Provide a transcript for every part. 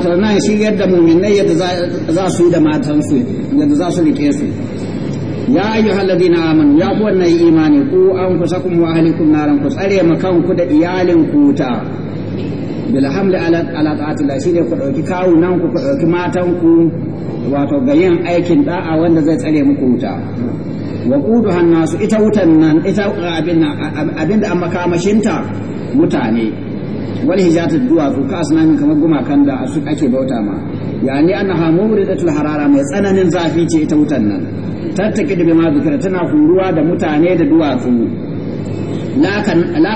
matar nan shi yadda muminai yadda za su yi da matansu yadda za su rike su ya ayyuhal ladina amanu ya ku wannan imani ku an kusakum wa ahlikum naran ku tsare ma kanku da iyalin ku ta bil hamli ala ala ta'atillah shine ku dauki kawunan ku ku dauki matan ku wato ga yin aikin da'a wanda zai tsare muku wuta wa quduhan hannasu ita wutan nan ita abin abinda an makamashinta mutane wal hijatu duwatsu ka asnamin kamar gumakan da su ake bauta ma yani annaha muridatul harara mai tsananin zafi ce ita wutan nan tattaki da bima zikira tana huruwa da mutane da duwatsu na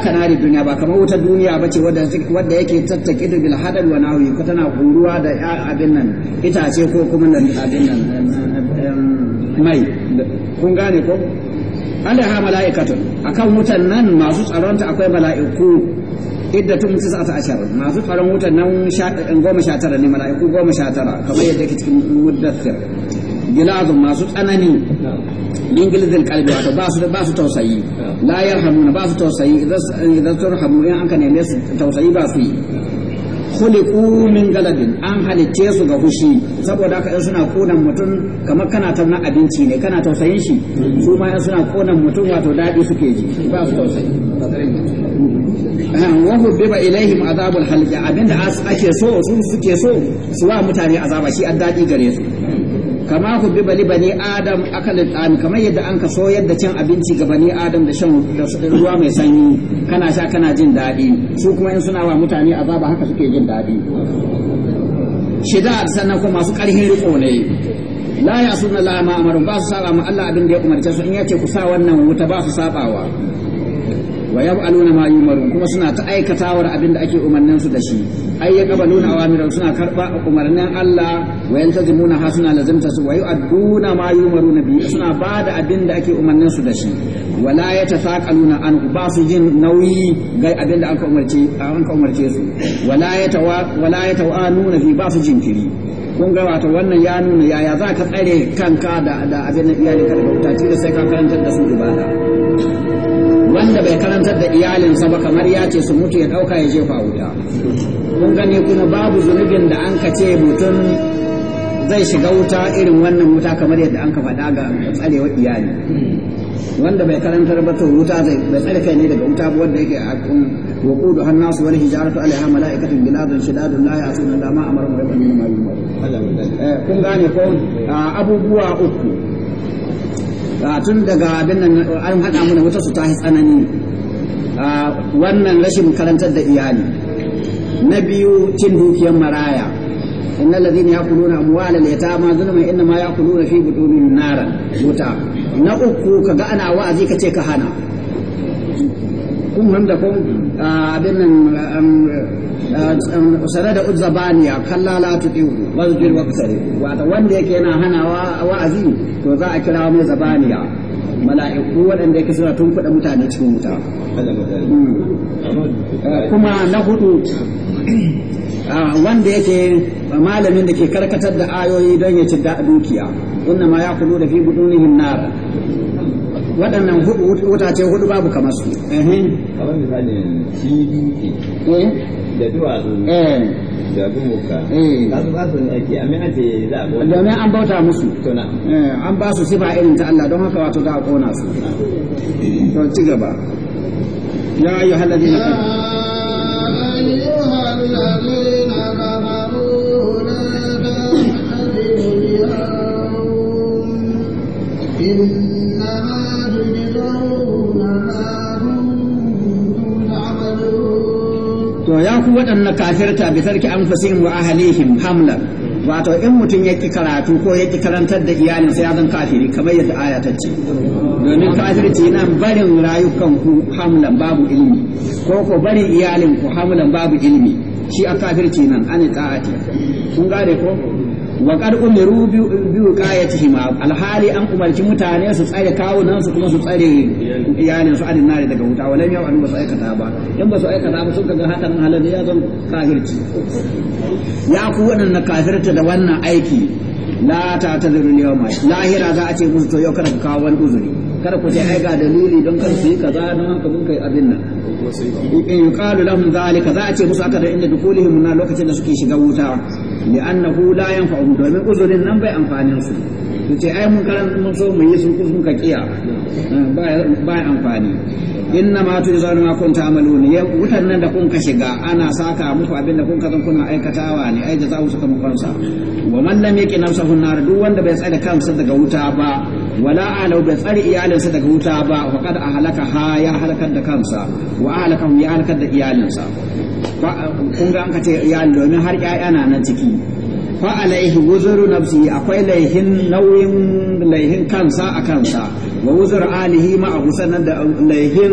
da duniya ba kamar wutar duniya ba ce wadda yake tattaki da bil hadal wa nahwi ko tana huruwa da abin nan itace ko kuma nan abin nan mai kun gane ko alaha mala'ikatun akan wutan nan masu tsaronta akwai mala'iku iddatun tis'ata ashar masu tsaron wutan nan goma sha tara ne mala'iku goma sha tara kamar yadda ke cikin muddathir gilazun masu tsanani min gilzil kalbi wato ba su ba su tausayi la ba su tausayi idan turhamu in an ka neme su tausayi ba su yi khuliqu min galabin an halicce su ga hushi saboda haka suna konan mutum kamar kana na abinci ne kana tausayin shi su ma suna konan mutum wato dadi suke ji ba su tausayi wa biba ilaihim azabul halqa abinda as ake so su suke so su wa mutane azaba shi an dadi gare su kama hubbiba li bani adam akal tan kamar yadda an ka so yadda cin abinci ga bani adam da shan ruwa mai sanyi kana sha kana jin dadi su kuma in suna wa mutane azaba haka suke jin dadi shida sannan kuma masu karhin riko ne la ya sunna la ma amaru ba su saba ma Allah abin da ya umarce su in yace ku sa wannan wuta ba su sabawa wa nuna ma yumarun kuma suna ta aikatawar abin da ake umarnin su da shi ai ya qabaluna awamiran suna karba umarnin Allah wa yaltazimuna ha suna lazimta su wa yu'adduna ma yumaruna bi suna bada abin da ake umarnin su da shi wala nuna an ba su jin nauyi ga abin da aka umarce an ka umarce su wala yatawa wala yatawanuna fi ba su kiri kun ga wato wannan ya nuna yaya za ka tsare kanka da abin da iyali ka daga wuta da sai ka karantar da su ibada wanda bai karantar da iyalinsa ba kamar ya ce su mutu ya ɗauka ya jefa wuta mun gani kuma babu zunubin da an kace mutum zai shiga wuta irin wannan wuta kamar yadda an ka faɗa ga tsarewa iyali wanda bai karantar ba to wuta zai bai tsare kai ne daga wuta ba wanda yake su wani wal hijaratu alaiha malaikatun biladun shidadun la ya'tuna la ma amara bi ma eh, kun gane ko ah, abubuwa uku Ah, tun daga abin nan an haɗa mana wata su tahi tsanani ah, wannan rashin karantar da iyali na biyu cin dukiyar maraya inna alladhina yaquluna amwala al-yatama zulma inna ma yaquluna fi butunihim naran wuta na uku kaga ana wa'azi kace ka hana kun da kun ah, abin nan um, sare da uzzabaniya kalla la tudiu wazir wa kasare wato wanda yake yana hanawa wa'azi to za a kira mai zabaniya mala'iku waɗanda yake suna tun kuɗa mutane cikin wuta hmm. kuma na hudu wanda yake malamin da ke karkatar da ayoyi don ya ci dukiya inna ma ya kulu da fi budunihin nar waɗannan hudu wuta ce hudu babu kamar su kamar shi da duwatsu da gumuka kasu kasu ake amin ake za a bauta domin an bauta musu eh, an ba su sifa irin ta Allah don haka wato za a kona su to ci gaba ya ya ku waɗannan kafirta bi tarki anfusihim wa ahlihim hamlan wato in mutum ya ƙi karatu ko ya ƙi karantar da iyalin sai ya zan kafiri kamar yadda aya ta ce domin kafirci yana barin rayukan ku hamlan babu ilimi ko ko barin iyalin ku hamlan babu ilimi shi a kafirci nan an ta'ati kun gane ko wa biyu umiru bi ma alhali an umarci mutane su tsare kawunan su kuma su tsare iyalin su adin nare daga wuta wala yau an ba su aikata ba in ba su aikata ba sun kaga hatan halal ya zan kafirci ya ku wadannan kafirta da wannan aiki la ta ta tadiru mai lahira za a ce musu to yau kada ku kawo wani uzuri kada ku ce ai ga dalili don kar su yi kaza don haka mun kai abin nan in yuqalu lahum zalika za a ce musu aka da inda dukulihim na lokacin da suke shiga wuta li'annahu la yanfa'u domin uzurin nan bai amfanin su su ce mun karanta mun so mu yi su kun ka kiya ba amfani inna ma tu zanu ma kunta amalun ya wutan nan da kun ka shiga ana saka muku abin da kun ka kuna aikatawa ne ai da za su kama kansa wa man lam yaqi nafsahu nar duk wanda bai tsare kansa daga wuta ba wala alau bai tsare iyalinsa daga wuta ba kada a halaka ha ya halakar da kansa wa halaka ya halakar da iyalinsa kun ga an ka ce iyali domin har ƴaƴa na nan ciki fa alaihi wuzuru nafsi akwai nauyin laihin kansa a kansa wa wuzur alihi ma a gusanar da um, laihin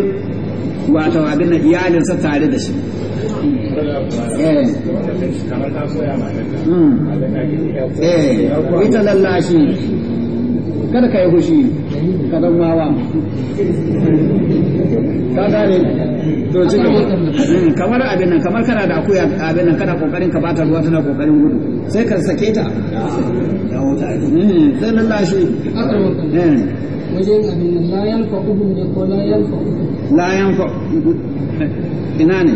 wato abin iyalinsa tare da shi eh. Hmm. Eh. kada ka yi hushi ka dan wawa ka gane to ci mm, kamar abin nan kamar kana da akuya abin nan kana kokarin ka bata ruwa tana kokarin gudu sai ka sake ta mm, sai lallashi wajen abin nan la yanfa ubun ko la yanfa la yanfa ina ne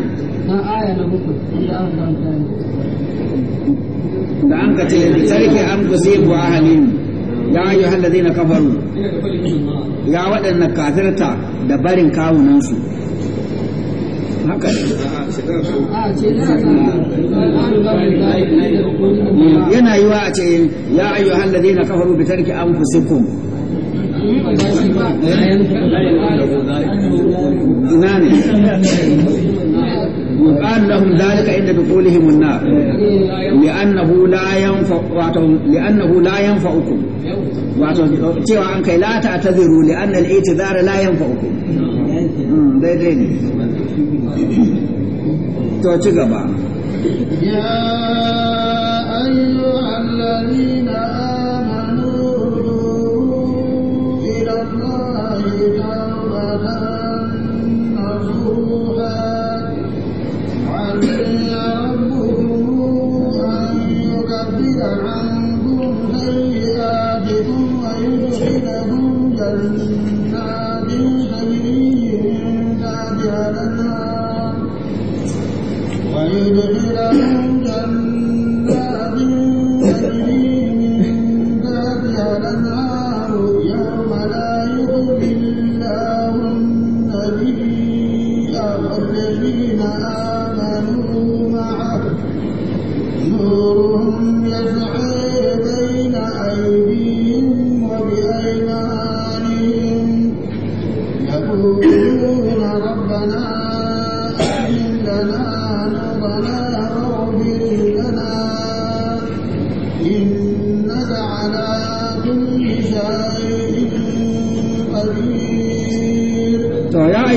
na aya na hukun da an ka ce sarki an a ahalin ya yi zai na kafaru ya waɗanda kafirta da barin kawunansu haka yana yi wa a ce ya ayyu zai na kafaru bi tarki fusikun ina ne وقال لهم ذلك عند دخولهم النار لأنه لا ينفع لأنه لا ينفعكم cewa an kai la ta taziru li anna al-i'tizara la yanfa'ukum daidai ne to ci gaba Thank you.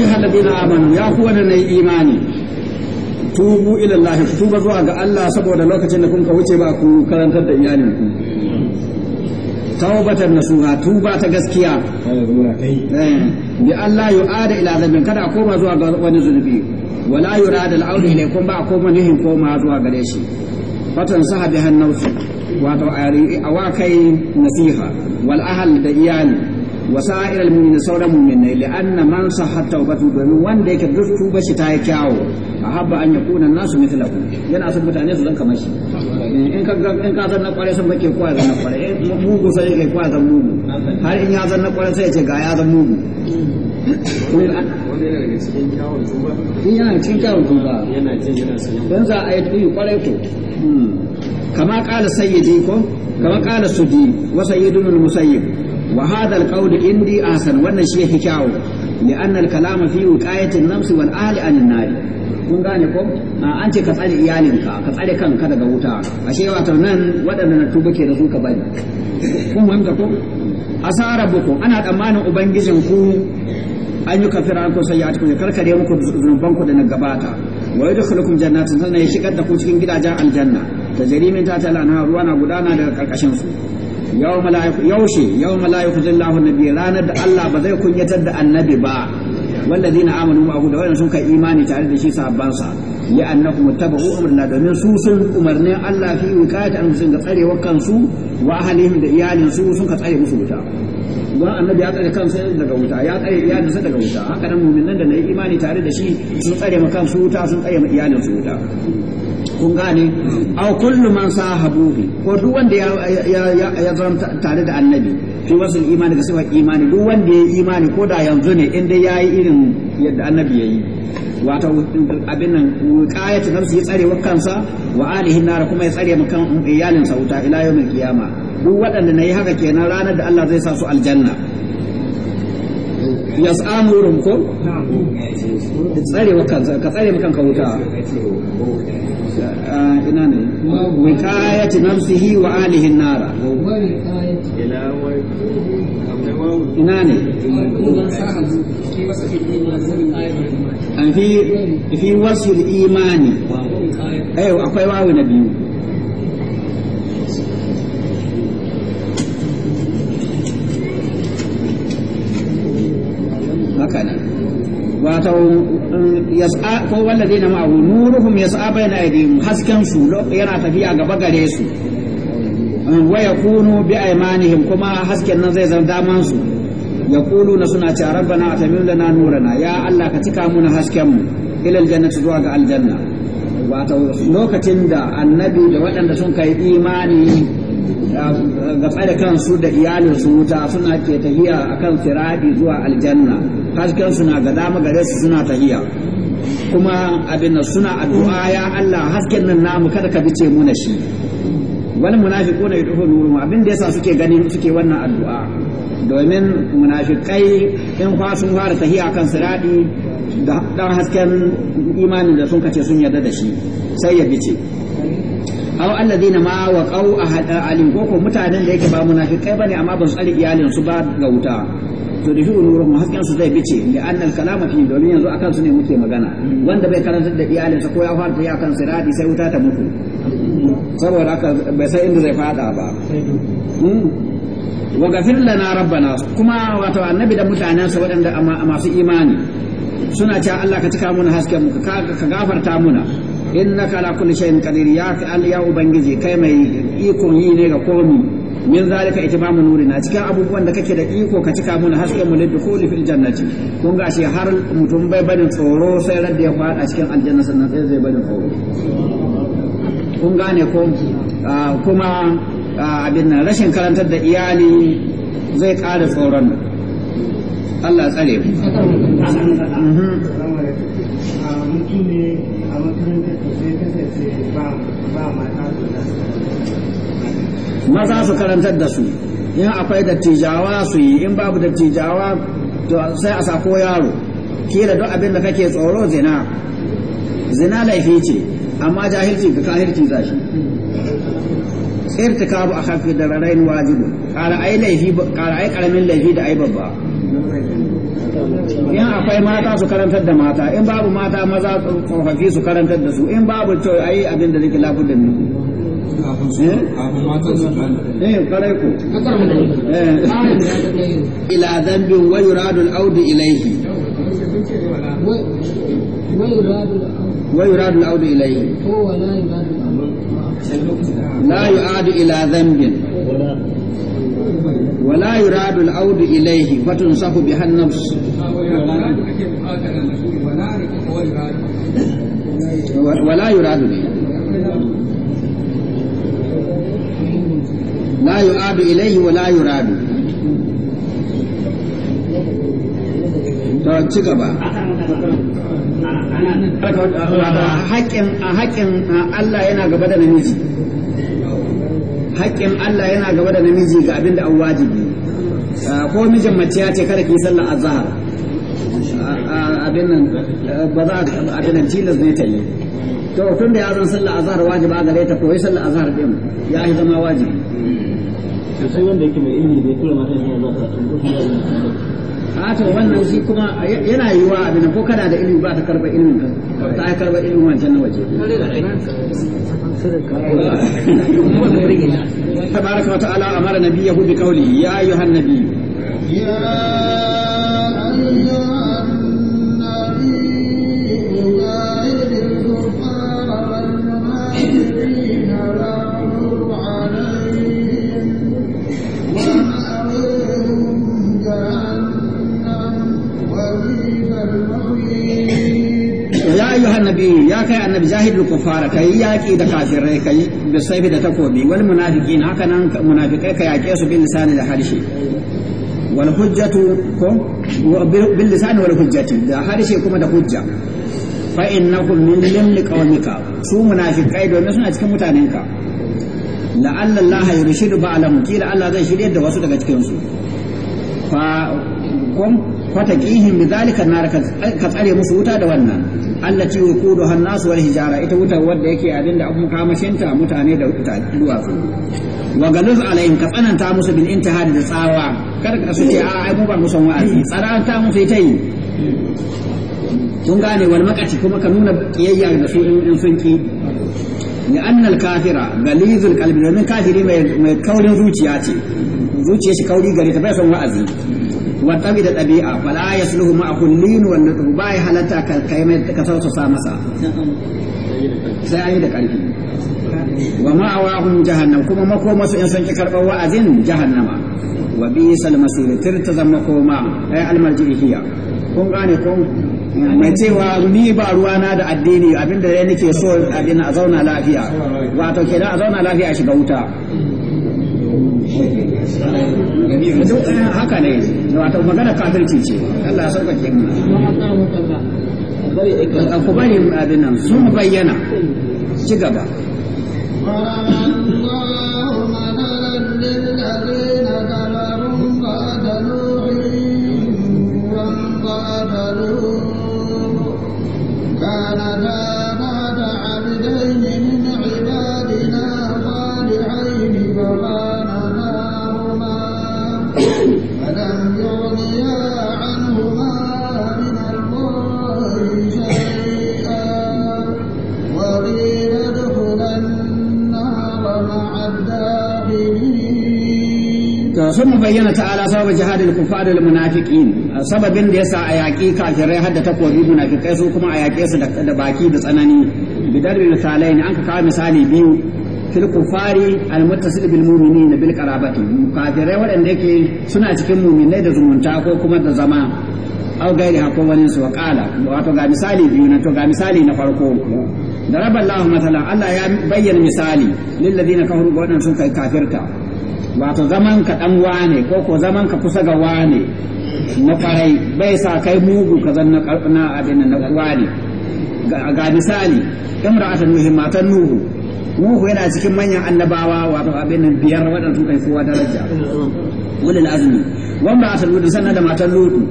ayyuhal ladina amanu ya ku wanda imani tubu ila Allah tuba zuwa ga Allah saboda lokacin da kun ka wuce ba ku karantar da iyalin ku tawbatan nasuha tuba ta gaskiya bi Allah yu'ada ila zambin kada a koma zuwa ga wani zulubi wala yurada al-aud ilaykum ba a koma nihin koma zuwa gare shi fatan sahabi hannausu wato a wa kai nasiha wal ahal da iyali wa sa'ir al-mu'minin sauran mu'minai li'anna man sahhat tawbatu domin wanda yake duk tuba shi ta yi kyawo ahabba an yakuna nasu mithlahu yana son mutane su zan kamar shi in ka in ka zanna kware san bake kwa zanna kware in mugu sai kai kwa zan mugu har in ya zanna kware sai ya ce ga ya zan mugu wanda yana daga cikin kyawun tuba yana cikin kyawun tuba yana za a yi tuyi kwarai ko hmm. kama kala sayyidi ko kama kala sudi wa sayyidul musayyib wahadar hadha alqawl indi ahsan wannan shi yake kyawu li anna alkalama fi wiqayati an kun gane ko ah, an ce ka tsare iyalinka ka tsare kanka daga wuta ashe wato nan waɗanda na tuba ke da su ka bari kun wanda ko asara buku ana tsammanin ubangijin ku an yi kafira an kusa ya cikin karkare muku zunuban ku da na gabata wai wa yadkhulukum jannatin sannan ya shigar da ku cikin gidajen aljanna da jarimin tahtiha al ruwa na gudana daga karkashin su Yaushe, la yaushi yawma la yukhzi Allahu ranar da Allah ba zai kunyatar da annabi ba wanda walladina amanu ma'ahu da wannan sun kai imani tare da shi sahabban sa ya annakum tabu umrna domin su sun umarnin Allah fi wiqayat an sun ga tsare kansu wa ahlihim da iyalin su sun ka tsare musu wuta don annabi ya tsare kansa daga wuta ya tsare iyalinsa daga wuta haka nan mu'minan da na yi imani tare da shi sun tsare ma kansu wuta sun tsare ma iyalinsu wuta kun gane a kullum man sahabuhu ko duk wanda ya ya zama tare da annabi fi wasul imani da sifar imani duk wanda ya yi imani ko da yanzu ne inda ya yi irin yadda annabi ya yi wata abin nan wiqayatu su ya tsare kansa wa alihi nara kuma ya tsare kan iyalin sa wuta ila yawmil qiyama duk waɗanda yi haka kenan ranar da Allah zai sa su aljanna yas'amurum ko tsare kansa ka tsare kanka wuta ina ne wikayati nafsihi wa alihin nara ina ne an fi wasu imani ayo akwai wawi na biyu haka ne wato yas'a ko walladina ma'ahu nuruhum yas'a bayna aydihim hasken su yana tafiya gaba gare su eh, wa yakunu bi aymanihim kuma hasken nan zai zama daman su na suna ce rabbana atamim lana nurana ya allah ka cika muna hasken mu ila aljannati zuwa ga aljanna wato lokacin da annabi da waɗanda sun kai imani ga tsare kansu da iyalinsu wuta suna ke tafiya akan siradi zuwa aljanna hasken suna ga dama gare su suna tahiya kuma abin da suna addu'a ya Allah hasken nan namu kada ka bice mu na shi ne munafiquna yadkhulu nurum abin da yasa suke ganin suke wannan addu'a domin munafikai in fa sun fara tahiya kan siradi da dan hasken imanin da sun kace sun yarda da shi sai ya bice aw alladheena ma qaw ahad alim ko mutanen da yake ba munafikai bane amma ba su tsare iyalin su ba ga wuta to da fi'ul wurin hakkin su zai bice da annal kalama fi domin yanzu akan su ne muke magana wanda bai karanta da sa ko ya fara ya kan sirati sai wuta ta mutu saboda haka bai sai inda zai fada ba hmm? wa gafir lana rabbana kuma wato annabi da mutanen mutanensa waɗanda masu imani suna cewa Allah ka cika muna hasken mu ka gafarta muna innaka la kulli shay'in qadir ya al ya ubangiji kai mai iko yi ne ga komi min zalika itimamu nurina cikin abubuwan da kake da iko ka cika mana haske mu ko fil jannati kun ga shi har mutum bai bani tsoro sai radda ya fada cikin aljanna sannan sai zai bani tsoro kun gane ko ah, kuma ah, abin nan rashin karantar da iyali zai ƙara tsoron Allah tsare mu maza su karantar da su in akwai dattijawa su yi in babu dattijawa sai a sako yaro da duk abin da kake tsoro zina zina laifi ce amma jahilci ga kahirci za shi irtikabu kabu dararain wajibu da ai laifi qala ai karamin laifi da ai babba in akwai mata su karantar da mata in babu mata maza tsofaffi su karantar da su in babu to ayi abin da zai labu da ni eh, eh kare ku eh. ila dhanbin wa yuradu al-audu ilayhi wa yuradu al-audu la yu'adu ila dhanbin ولا يراد العود إليه فتنصف بها sahu ولا يراد wala لا يعاد إليه ولا يراد wala a haƙƙin Allah yana gaba da namiji Allah yana gaba da namiji ga abin da an wajibi Ah, ko mijin mace ya ce kada ki sallar azhar ah, ah, abin eh, ba za abin nan tilas ne ta yi to tun da ya zan sallar azhar wajibi a gare ta ko yi sallar azhar din ya yi zama wajibi sai wanda yake mai ilimi bai tura mata ne ba a to wannan shi kuma yana yiwa abin ko kana da ilimi ba ta karba ilimin ka ta ai karba ilimin wancan na waje tabaraka wa ta'ala amara nabiyahu bi qawlihi ya ayyuhan nabiyyu kufara ka yi yaƙi da kafirai ka yi da saifi da takobi wani munafiki haka nan munafikai ka yake su bin lisani da harshe wal hujjatu ko bil lisani wal hujjati da harshe kuma da hujja fa innahum min limli qawmika su munafiqai domin suna cikin mutanenka la'alla Allah yurshidu ba'lam kila Allah zai shirye da wasu daga cikin su fa kun fatakihim bidhalika nar ka tsare musu wuta da wannan Allah ce wukudu hannasu wal hijara ita wuta wadda yake a da abun kamashinta mutane da duwatsu wa galuz alayhim ka tsananta musu bil intihad da tsawa karka ka ce a ai mu ba mu san wa'azi tsara ta mu sai ta yi kun gane wal makaci kuma ka nuna kiyayya da su in sun ki ni annal kafira galizul qalbi domin kafiri mai kaurin zuciya ce zuciya shi kauri gare ta bai son wa'azi wa tabi da dabi'a fala yasluhu ma kullin wal nutfu bai halata kal kaimai ka sausa sa masa sai ayi da karfi wa ma'awahum jahannam kuma makomasu in sun ki karban wa'azin jahannama wa bisal masir tir ta zama koma ai almarji'iyya kun gane ko mai cewa ni ba ruwana da addini abinda ya nake so a dina a zauna lafiya wato kenan a zauna lafiya shiga wuta haka ne wato magana kafirci ce Allah ya sauƙaƙe mu ku bari abin nan sun bayyana ci gaba sun bayyana ta'ala sababin jihadin kufar da munafiqin sababin da yasa a yaƙi kafirai hadda takobi munafiqai su kuma a yaƙe su da baki da tsanani bidar misalai ne an ka kawo misali biyu fil kufari al muttasil bil mu'minin bil qarabati kafirai waɗanda yake suna cikin mu'minai da zumunta ko kuma da zama au gairi hakko wani su wa qala wato ga misali biyu na to ga misali na farko ضرب الله مثلا الله ya بين مثالي للذين كفروا بوانا سن كافرتا wato zaman ka ɗan wane ko ko zaman ka kusa ga wane na farai bai sa kai mugu ka zan na na abin na wane ga misali imra'atan matan nuhu nuhu yana cikin manyan annabawa wato abin nan biyar da matan lutu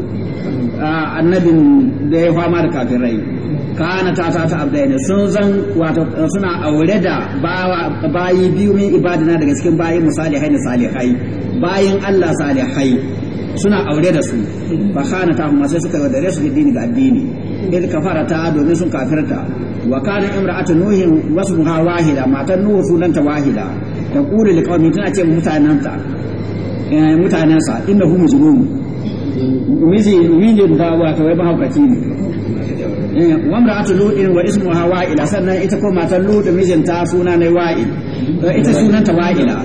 ah, annabin da ya kana ta ta ta abdaina sun zan wato suna aure da bayi biyu min ibadina daga cikin bayi musalihai na salihai bayin Allah salihai suna aure da su fa kana ta kuma sai suka yaudare su dini ga addini id ta domin sun kafirta wa kana imra'atu nuhin wasmuha wahida matan nuhu sunanta wahida taqulu liqaumi tana ce mutananta mutanansa eh, sa mujnun miji miji da wato wai mahaukaci ne wa mar'atu lutin wa ismuha wa'ila sannan ita ko matar lutin mijinta suna ne wa'il ita sunanta wa'ila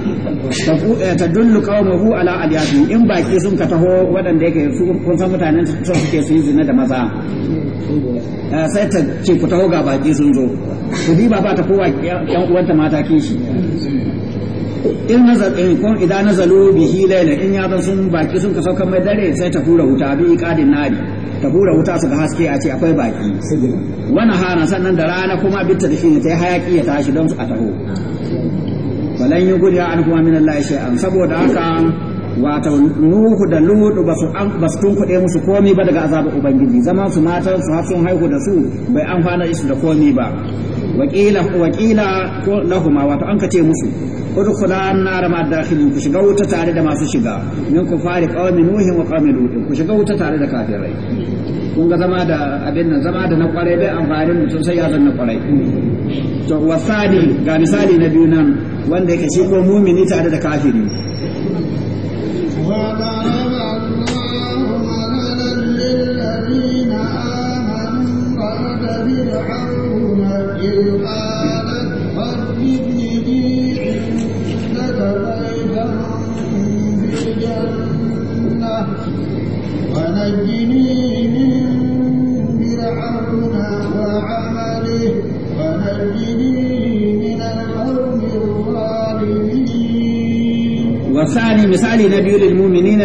ta dullu qawmuhu ala aliyati in baki sun ka taho waɗanda yake su kun san mutanen sun suke su yi zina da maza sai ta ce ku taho ga baki sun zo ku diba ba ta kowa yan uwanta mata kishi in nazar in kun idan nazalu bihi laila in ya zan sun baki sun ka sauka mai dare sai ta hura wuta bi iqadin nari ta bura wuta su ga haske a ce akwai baki wani hana sannan da rana kuma bitta da shi ta yi hayaki ya tashi don su a taho balan yi gudu ya an kuma min Allah saboda haka wato nuhu da ludu ba su an ba su tunkuɗe musu komi ba daga azabar ubangiji zaman su matan su har sun haihu da su bai amfana isu da komi ba wakila wakila lahuma wato an kace musu udkhula an-nar ma dakhilin ku shiga wuta tare da masu shiga min ku fari qawmi nuhin wa qawmi lutin ku shiga wuta tare da kafirai kun ga zama da abin nan zama da na kwarai bai amfani mutum sai ya zanna kwarai to wasani ga misali na biyu nan wanda yake shi ko mumini tare da kafiri wasali misali na biyu lil mu'minin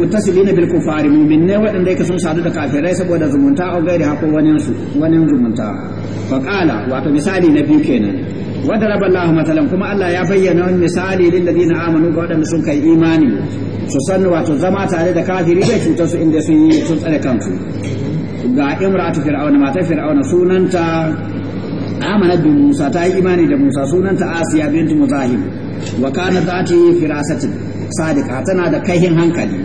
mutasilin bil kufari mu'min ne wadanda sun sadu da kafirai saboda zumunta ko gairi hako wani zumunta fa wato misali na biyu kenan wadarab Allah matalan kuma Allah ya bayyana wannan misali lil ladina amanu ga wadanda sun kai imani su sanu wato zama tare da kafiri da cutar su inda sun yi tsare kansu ga imratu fir'auna matai fir'auna sunanta amana bi Musa ta yi imani da Musa sunanta Asiya bintu Muzahim wa kana zati firasati sadiqa tana da kaihin hankali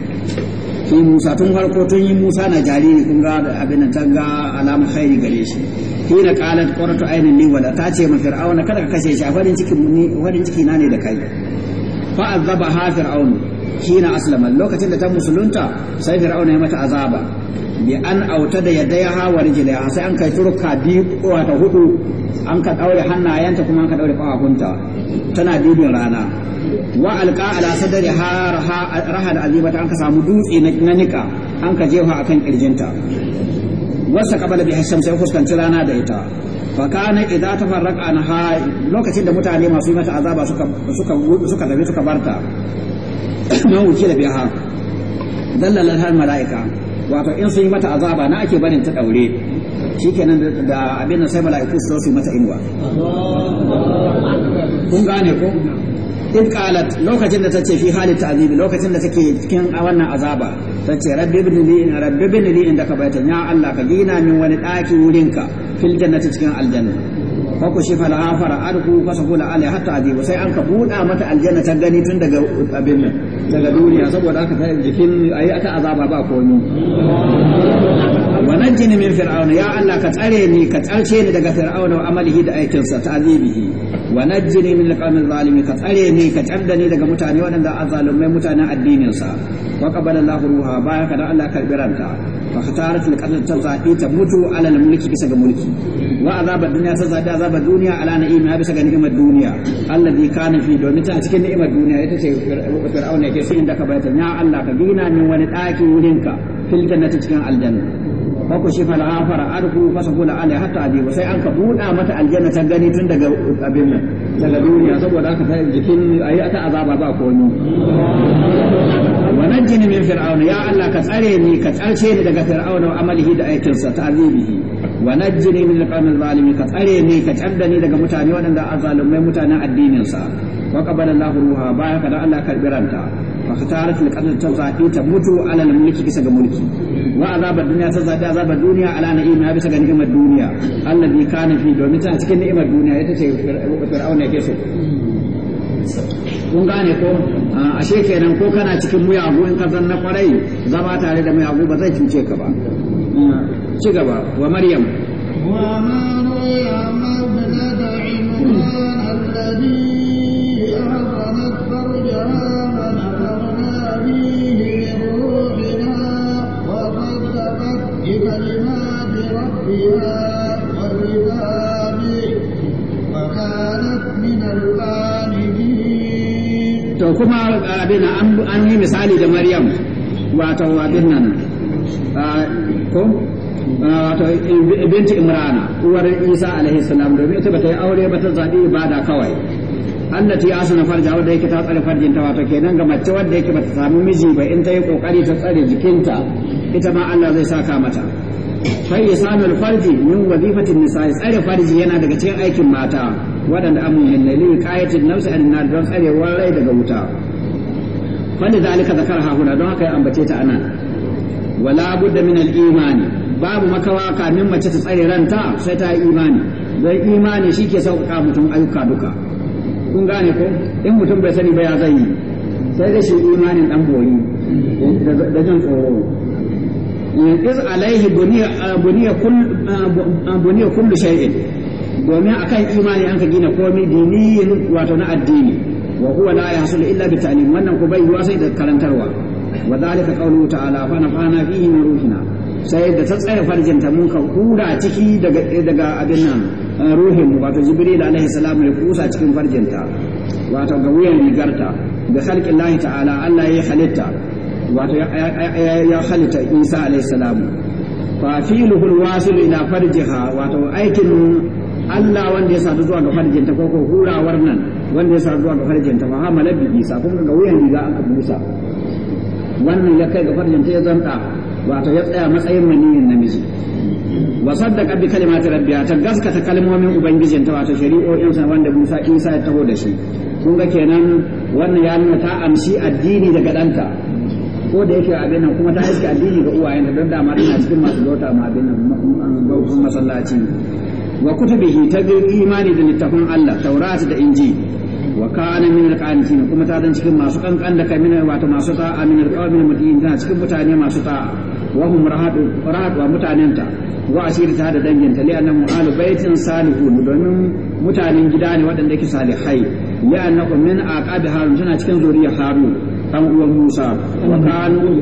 shi Musa tun farko tun yi Musa na jariri kun ga abin da ta ga alama khairi gare shi na qalat qurratu ainin li wala ta ce ma fir'auna kada ka kashe shi a farin ciki farin ciki na ne da kai fa azaba ha fir'aun na aslama lokacin da ta musulunta sai fir'auna ya mata azaba bi an auta da yadda ya hawa rijila sai an kai turka biyu ko ta hudu an ka ɗaure hannayenta kuma an ka ɗaure kafafunta tana dubin rana wa alƙa ala sadari har raha da azibata an ka samu dutse na nika an ka jefa akan kirjinta wasa kabala bi hasham sai fuskanci rana da ita fa kana idza tafarraqa ha lokacin da mutane masu mata azaba suka suka suka tafi suka barta na wuce da biha dallala har malaika wato in sun yi mata azaba na ake barin ta daure shikenan da abin nan sai mala'iku su su mata inuwa kun gane ko in qalat lokacin da tace fi hali ta'zibi lokacin da take cikin wannan azaba tace rabbi ibn li in rabbi ibn li indaka ya Allah ka gina min wani daki wurinka fil jannati cikin aljanna fa ku shifa al-afara arku fa sahula alai hatta adibu sai an ka buɗa mata aljanna ta gani tun daga abin nan daga duniya saboda aka fara jikin ayi aka azaba ba komi wa jini min fir'auna ya Allah ka tsare ni ka tsarce ni daga fir'auna wa amalihi da aikinsa ta ta'azibihi wa jini min alqawmi zalimi ka tsare ni ka tsanda ni daga mutane waɗanda azzalumai mutanen addinin sa wa qabala Allah ruha ka kada Allah karbiranta fa khatarat alqatl ta zabi ta mutu alal mulki bisa ga mulki wa azabar duniya sai zaɓi azabar duniya ala na'imi bisa ga ni'imar duniya allazi kana fi domin ta cikin ni'imar duniya ita ce fir'auna yake sai inda ka bayyana ya Allah ka gina min wani ɗaki wurinka fil jannati cikin aljanna fa ku shi fal afara arhu fa sahula alai hatta abi sai an ka buɗa mata aljanna ta gani tun daga abin nan daga duniya saboda haka sai jikin ayi ta azaba ba komi wa jini min fir'auna ya Allah ka tsare ni ka tsarce ni daga fir'auna wa amalihi da aikinsa ta'azibihi wa najjini min alqawmil zalimin ka tsare ni ka canza ni daga mutane waɗanda zalumai mutanen addinin sa wa qabala Allahu ruha baya kada Allah karbiranta wa khatarat alqadr ta ta mutu ala almulki bisa ga mulki wa azab ad-dunya ta azab ad-dunya ala ya bisa ga ni'imar duniya allazi kana fi domin ta cikin ni'imar duniya ita ce fir'auna ke so kun gane ko ashe kenan ko kana cikin muyagu in ka zanna kwarai zama tare da muyagu ba zai cuce ka ba ci gaba wa maryam wa maryam to kuma abin an yi misali da maryam wato abin nan Ah, ko wato ah, eh, binti imrana uwar isa alaihi salam domin ita bata yi aure ba ta zabi ibada kawai allati asna farja wadda yake ta tsare farjin ta wato kenan ga mace wadda yake bata samu miji ba in ta yi kokari ta tsare jikinta ita ma Allah zai saka mata fa isanul farji min wazifatin nisa tsare farji yana daga cikin aikin mata waɗanda amuhin ne lil qayatin nafsi an don tsarewar rai daga wuta fa da zalika zakar hahuna don haka ya ambace ta anan wala budda min al-imani babu makawa kamin mace ta tsare ranta sai ta yi imani don imani shi ke sauƙaƙa mutum ayyuka duka kun gane ko in mutum bai sani ba ya zai yi sai da shi imanin dan boyi da jan tsoro iz alaihi buniya buniya kullu shay'in domin akan imani an ka gina komai dini wato na addini wa huwa la yahsul illa bi ta'lim wannan ku bai sai da karantarwa wa zalika qawluhu ta'ala fa nafana fihi min ruhina sai da tsatsaya farjin ta mun ka huda ciki daga daga abin nan ruhin mu wato jibril alaihi salam ya kusa cikin farjin ta wato ga wuyan rigarta da khalqin lahi ta'ala Allah ya halitta wato ya halitta Isa alaihi salam fa filuhul wasil ila farjiha wato aikin Allah wanda ya sadu zuwa ga farjinta ko ko hurawar nan wanda ya sadu zuwa ga farjinta fa hamala bi Isa kun ga wuyan riga aka busa wannan ya kai ga farjin ta ya zanta wato ya tsaya matsayin maniyin namiji wa saddaqa bi kalimati rabbiya ta gaskata kalmomin ubangijin ta wato shari'o'in sa wanda Musa Isa ya taho da shi kun ga kenan wannan ya nuna ta amshi addini daga danta ko da yake abin nan kuma ta iska addini ga uwayen da don dama tana cikin masu lota ma abin nan masallaci wa kutubihi ta imani da littafin Allah taurati da injili wa kana min alqanitin kuma ta dan cikin masu kankan da kai min wato masu ta amin alqawmin mutiin da cikin mutane masu ta wa hum rahadu rahadu mutanen ta wa ta da danginta li annahu alu baitin salihun domin mutanen gida ne waɗanda yake salihai li annahu min aqabi harun tana cikin zuriyar harun dan uwan musa wa kanu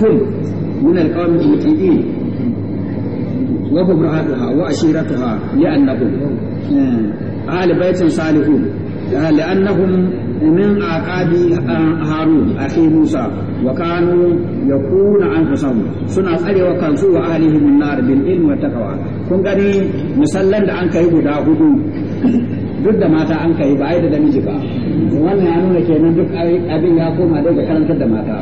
kun min alqawmin وهم رعاتها وأشيرتها لأنهم آل بيت صالحون لأنهم من عقاب هارون أخي موسى وكانوا يكون أنفسهم سنة أري وكانسوا وأهلهم النار بالعلم والتقوى kun gani musallan da an kai guda hudu duk da mata an kai ba da namiji ba wannan ya nuna kenan duk abin ya koma daga karantar da mata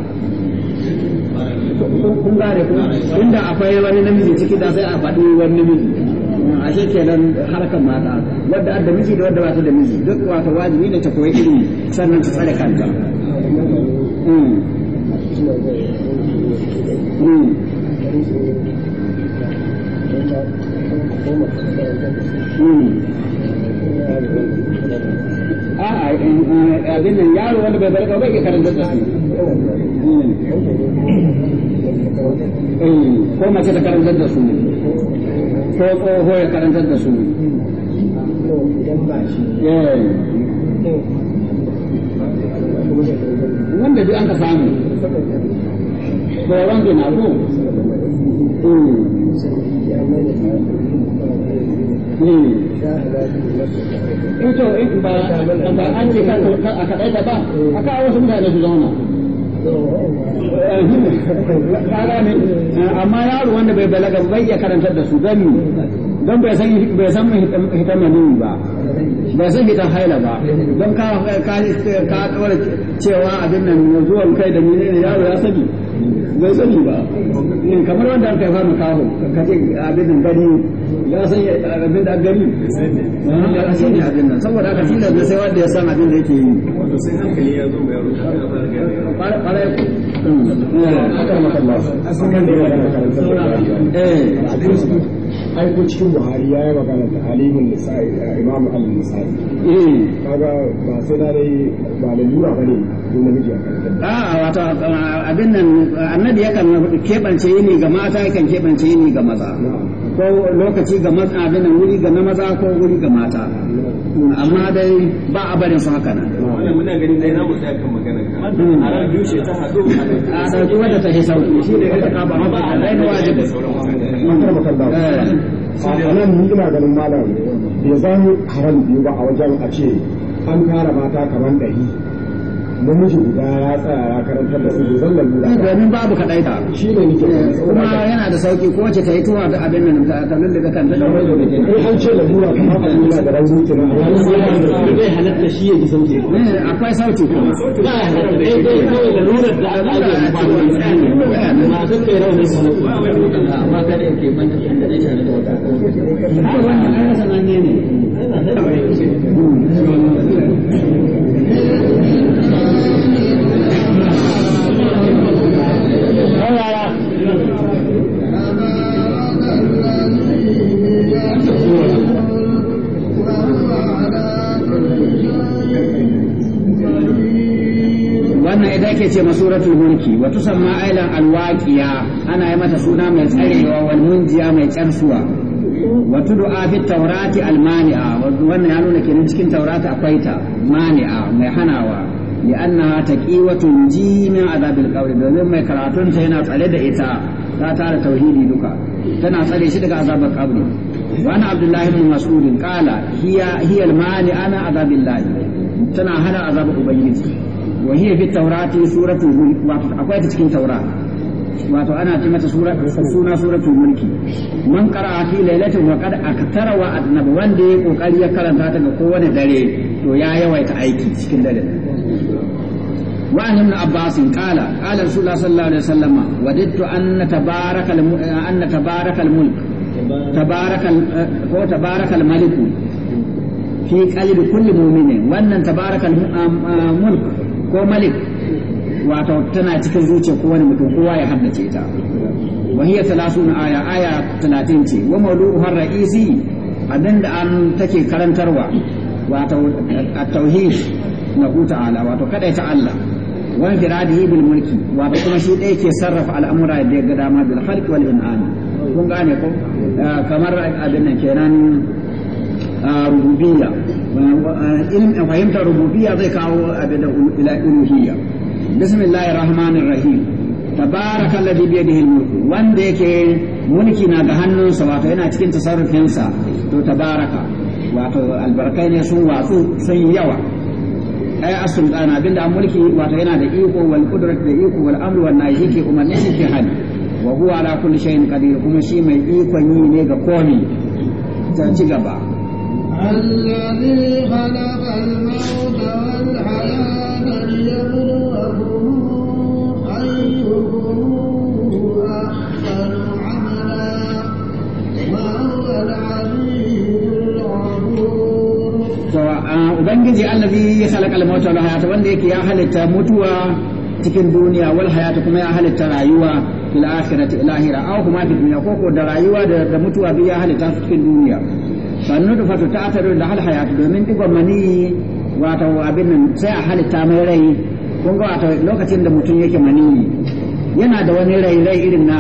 kun gane ku inda akwai wani namiji ciki da sai a faɗi wani namiji ashe kenan harkar mata wadda da miji da wadda da miji duk wajibi ne ta koyi ilimi sannan ta tsare kanta hmm. Hmm. Hmm. a'a uh, abin nan yaro wanda bai karanta da su Eh, ko mace ta karantar da su ko tsoho ya karantar da su eh. wanda duk an ka samu tsoron ke na ko ito eh. ba an ce a kaɗaita ba a kawo wasu mutane su zauna amma yaro wanda bai balaga bai ya karanta da su gani don bai san bai san hita manini ba bai san hita haila ba don ka ka ka dora cewa abin nan zuwan kai da menene yaro ya sani bai sani ba kamar wanda aka yi fara kawo ka ce abin nan gani ya san abin da gani ya san ya abin nan saboda haka tilas ne sai wanda ya san abin da yake yi wato sai cikin buhari ya yi magana da halimin nisa'i imamu halin nisa'i eh. kaga ba sai na dai ba da ba ne don namiji a kan a wato abin nan annabi yakan keɓance yini ga mata yakan keɓance yini ga maza ko lokaci ga maza abin wuri ga na maza ko wuri ga mata amma dai ba a barin su haka nan wannan muna ganin dai na mutu kan magana hmm. a ran biyu ta a sauki wadda ta shi ka ba ma dai wajibi eh. ina ganin malam bai haram biyu ba a wajen a ce an kara mata kamar ɗari namiji guda ya tsaya ya karantar da su zallan guda domin babu kadai ta shi ne nake kuma yana da sauki ko wace ta yi tuwa da abin nan ta nan da kan da ko an ce lalura kamar allura da rauni ta nan bai halatta shi ya ji sauki akwai sauti kuma ba halatta da dai kawai lalurar da aka yi ba wani ma duk kai rauni su amma da yake ban da ne tare da wata ko wannan ai sanan ne ne ce masuratul mulki wa tusamma ailan alwaqiya ana yi mata suna mai tsarewa wal munjiya mai tsarsuwa wa tud'a fi tawrati almani'a wannan ya nuna kenan cikin taurati akwai ta mani'a mai hanawa li'annaha taqiwatun ji azabil qabr domin mai karatun ta yana tsare da ita ta tara tauhidi duka tana tsare shi daga azabar qabr wa ana abdullahi bin mas'ud qala hiya hiya almani'a ana azabillahi tana hana azabar ubangiji wa hiya bi taurati suratul mulk wato akwai ta cikin taura wato ana ce mata suna suratul mulki man qara'a fi lailatin wa qad aktara wa adnaba wanda ya kokari ya karanta ta dare to ya yawaita aiki cikin dare وعن ابن عباس قال قال رسول الله صلى الله عليه وسلم وددت أن تبارك أن تبارك الملك تبارك هو تبارك الملك في قلب كل مؤمن وأن تبارك الملك ko malik wato tana cikin zuciya ko wani mutum kowa ya haddace ta wa hiya na aya aya 30 ce wa mawdu'uha ar-ra'isi abinda an take karantarwa wato at-tauhid na ku ta'ala wato ta Allah wa infiradihi bil mulki wato kuma shi dai ke sarrafa al'amura da ga dama bil khalq wal in'ani kun gane ko eh, kamar abin nan kenan ah, rububiyya ilm eh, fahimtar rububiyya zai kawo abin ila uluhiyya bismillahir rahmanir rahim tabaraka alladhi bi yadihi mulku wanda yake mulki na ga hannunsa wato yana cikin sa to tabaraka wato albarkai ne sun watsu sun yawa ai asun dana binda mulki wato yana da iko wal qudrat da iko wal amru wal nahi ke umarni shi ke hali wa huwa ala kulli shay'in qadir kuma shi mai iko ne ga komai ta ci gaba الذي خلق الموت Ubangiji allazi ya halaka al-mauta wal hayata wanda yake ya halitta mutuwa cikin duniya wal hayata kuma ya halitta rayuwa fil akhirati lahira aw kuma fi dunya ko ko da rayuwa da mutuwa bi ya halitta cikin duniya sannu da fasu ta tare da hal hayatu domin duk mani wato abin nan sai a halitta mai rai kun ga wato lokacin da mutum yake mani yana da wani rai rai irin na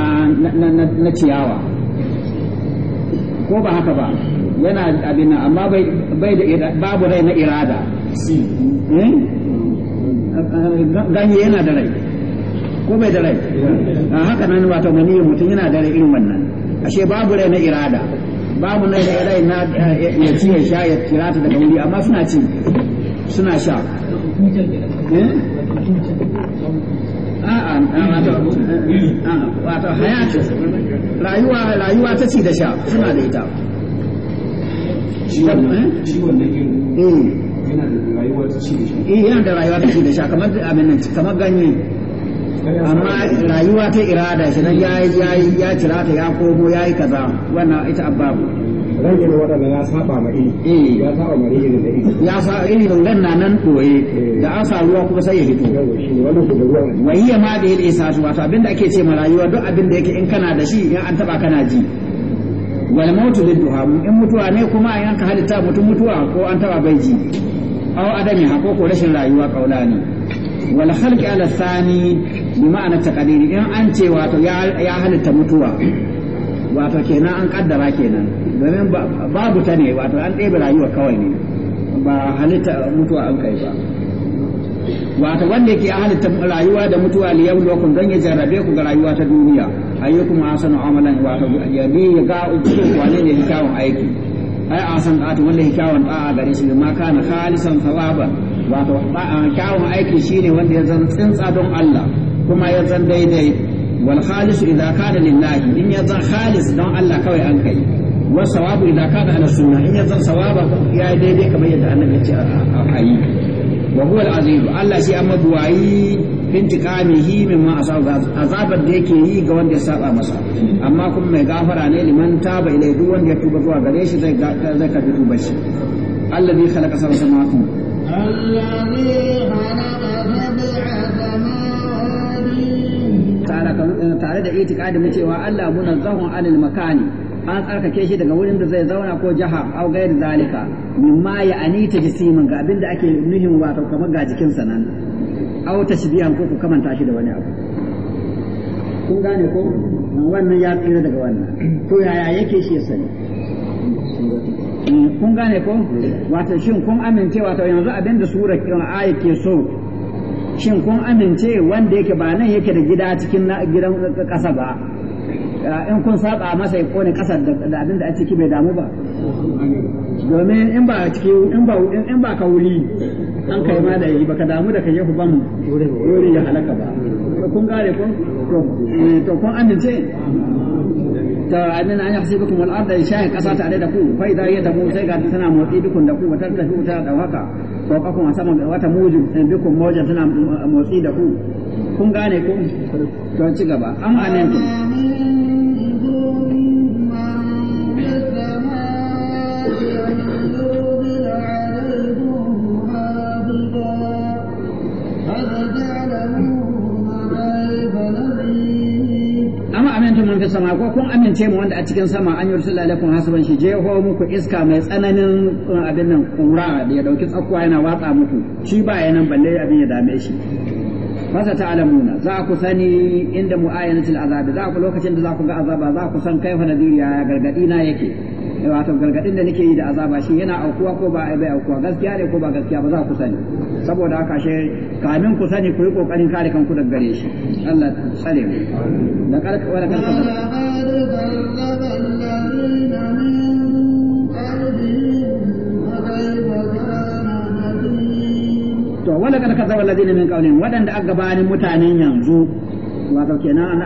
na ciyawa ko ba haka ba yana abin nan amma bai da babu rai na irada hmm? ganye yana da rai ko bai da rai a haka nan wato mani mutum yana da rai irin wannan ashe babu rai na irada babu na rai na eh, eh, ya ci ya sha ya kira ta daga wuri amma suna ci suna sha eh? wato hayati rayuwa rayuwa ta ci da sha suna da ita ciwon da rayuwa yana da rayuwa ta ci da sha kamar ganye amma rayuwa ta irada shi nan ya cira ta ya komo ya yi kaza wannan ita ababu rangin waɗanda ya saba ma iri eh. ya saba ma iri ya sa iri na nan koye eh. da an sa ruwa kuma sai ya fito ya ma da yadda isa su wato abinda ake ce ma rayuwa duk abinda yake in kana da shi in an taba kana ji wal mautu lidduha in mutuwa ne kuma in ka halitta mutum mutuwa ko an taba bai ji aw adami ha ko rashin rayuwa kaula ne wal khalqi ala thani bi ma'ana taqdiri in an ce wato ya halitta mutuwa wato kenan an kaddara kenan domin babu ta ne wato an ɗebe rayuwa kawai ne ba halitta mutuwa an kai ba wato wanda yake halitta rayuwa da mutuwa li lokun don ya jarrabe ku ga rayuwa ta duniya kuma asanu amalan wato ya bi ya ga ku wani ne kyawun aiki ai asan ta wanda ya kyawun ɗa'a gare shi ma kana khalisan sawaba wato kyawun aiki shine wanda ya zama tsintsa don Allah kuma ya zan daidai wal khalis idza kana lillahi in ya zan khalis don Allah kawai an kai wa sawabu idza kana ala sunna in ya zan sawaba ya daidai kamar yadda annabi ya ce a yi wa huwa al Allah shi amma duwayi intiqamihi mimma asaba azabar da yake yi ga wanda ya saba masa amma kuma mai gafara ne liman taba ilai duk wanda ya tuba zuwa gare shi zai zai karbi tubar shi alladhi khalaqa sab'a samawati alladhi khalaqa ta'ala eh, tare da itikadin cewa Allah zahun anil makani an tsarkake shi daga wurin da zai zauna ko jaha au gairi zalika ma ya anita jisimin ga abin da ake nuhin wato kamar ga jikinsa nan au tashbihan ko ku kamanta shi da wani abu kun gane ko wannan ya tsira daga wannan to yaya yake shi ya sani hmm, kun gane ko wato shin kun amince wato yanzu abin da sura eh, ayat ke so shin kun amince wanda yake ba nan yake da gida cikin gidan ƙasa ba in kun saba masa ya kone kasa da abin da a ciki bai damu ba domin in ba ciki in ba in ba ka wuri an kai ma da yi baka damu da kai ban wuri ya halaka ba kun gare kun eh, to kun amince ta amin an yahsibukum wal arda shahi kasa tare da ku fa idza yadamu sai ga tana motsi bikun da ku wa tartafi ta da haka ko kakun a sama wata muju bikum mojan tana motsi da ku kun gane ku to ci gaba an amintu fi sama ko kun amince mu wanda a cikin sama an yursu alaikum hasaban shi je jeho muku iska mai tsananin uh, abin nan kura da ya dauki tsakuwa yana watsa muku shi ba ya nan balle abin ya dame shi fasa alamuna za ku sani inda mu'ayyanatul azabi za ku lokacin da za ku ga azaba za ku san kai kaifa nadiriya gargaɗi na yake wato gargadin da nake yi da azaba shi yana aukuwa ko ba bai aukuwa gaskiya ne ko ba gaskiya ba za ku sani saboda haka shi kamin ku sani ku yi kokarin kare kanku daga gare shi Allah tsare mu da karka wala karka to wala karka zawal ladina min qawlin wadanda aka gabanin mutanen yanzu wato kenan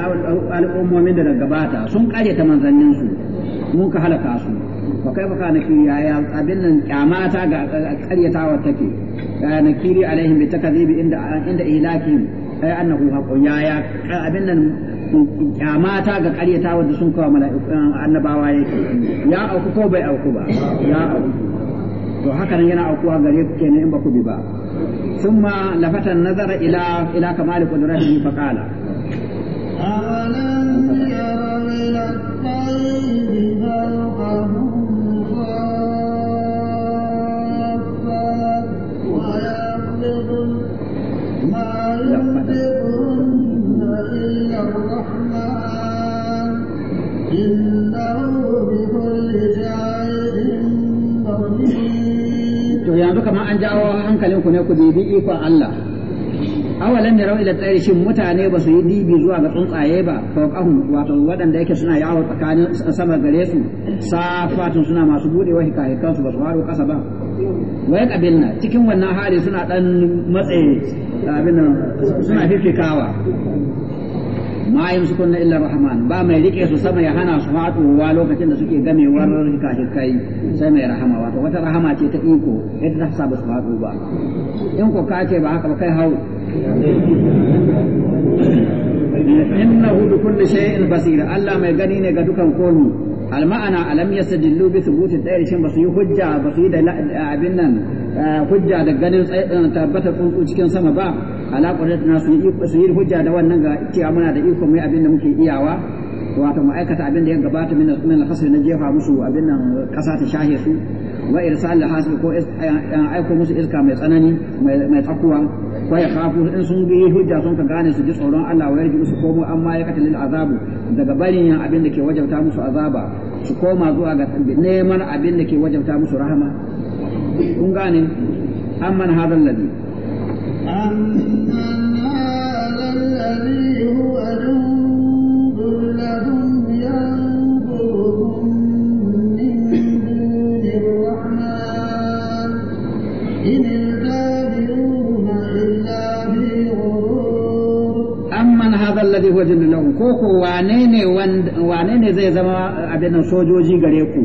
al'ummomin da daga gabata sun kare ta manzannin su mun ka halaka su wa kai fa kana ki yaya abin nan kyamata ga wa take na kiri alaihim bi takdhibi inda inda ilakin ay annahu haqqun yaya abin nan kyamata ga karyatawa wa sun kawo mala'ikun eh, annabawa yake ya auku ko bai auku ba ya auku to haka nan yana aukuwa gare ku kenan in ba ku bi ba ثم لفت النظر الى الى كمال قدرته فقال to yanzu kamar an jawo hankalinku ne ku bibi ikon Allah awalan da ila tsari shin mutane ba su yi dibi zuwa ga tsuntsaye ba fawqahum wato waɗanda yake suna yawo tsakanin sama gare su safatun suna masu budewa hikayekan su ba su haro kasa ba wai kabilna cikin wannan hali suna dan matsaye abin suna fifikawa ma yamsukun illa rahman ba mai rike su sama ya hana su hatuwa lokacin da suke game rika kai sai mai rahama wato wata rahama ce ta iko yadda ta sa ba su hatu ba in ko ka ce ba haka ba kai hau innahu bi kulli shay'in basir Allah mai gani ne ga dukan komai المعنى ألم يستدلوا بثبوت الدائر شن بس يحجة بس يدلا أبنا حجة دقن تبت تنسو cikin sama ba ala qadratna su su yi hujja da wannan ga cewa muna da iko mai abin da muke iyawa wato mu abin da ya gabata min min hasri na jefa musu abin nan kasa ta shahe su wa irsal da hasil ko aiko musu iska mai tsanani mai tsakuwa ko ya kafu in sun bi hujja sun ka gane su ji tsoron Allah wa yarji musu komo amma ya katalil azabu daga barin abin da ke wajabta musu azaba su koma zuwa ga neman abin da ke wajabta musu rahama kun gane amman hadal ladhi amman hadal ladhi alladhi huwa jinnun lahu ko ko wane ne wane ne zai zama abin sojoji gare ku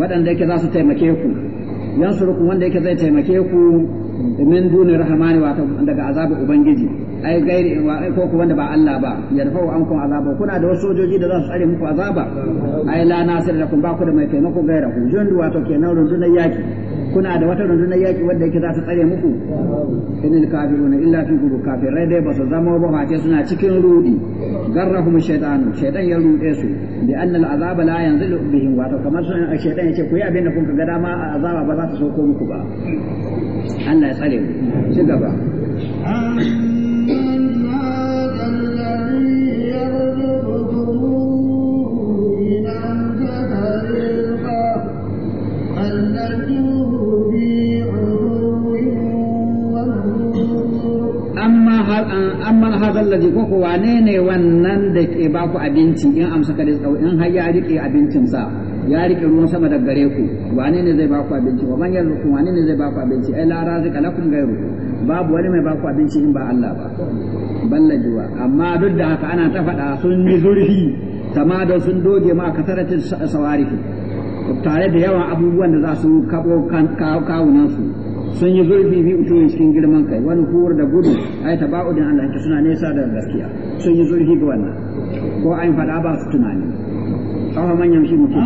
waɗanda yake za su taimake ku yan surukun wanda yake zai taimake ku min duni rahmani wato daga azabin ubangiji ai gairi ko ku wanda ba Allah ba yarfa'u ankum azaba kuna da wasu sojoji da za su tsare muku azaba ai la nasir lakum ba ku da mai taimako gairahu jundu wato kenan rundunar yaki kuna da wata rundunar yaƙi wadda yake za ta tsare muku inil kafiruna illa fi gudu kafirai dai ba su zama ba ce suna cikin rudi garrahum shaytanu shaytan ya rude su bi anna al azab la yanzilu bihim wato kamar sun shaytan yace ku yi abin da kun ga dama azaba ba za ta sauko muku ba Allah ya tsare ku ci gaba amma hadha alladhi ko ko wane ne wannan da ke ba ku abinci in amsa ka rizqa in har ya rike abincin sa ya rike ruwan sama da gare ku wane ne zai ba ku abinci wa man yarzuqu wane ne zai ba ku abinci ai la razika lakum ghayru babu wani mai ba ku abinci in ba Allah ba ballajuwa amma duk da haka ana ta faɗa sun yi zurfi da sun doge ma kasaratin sawarifi tare da yawan abubuwan da za su kabo kawunan su sun yi zurfi fi ushurin cikin girman kai wani huwar da gudu yi taba'udin Allah ta suna nesa da gaskiya sun yi zurfi ga wannan ko an fada ba su tunani kawo manyan shi mutum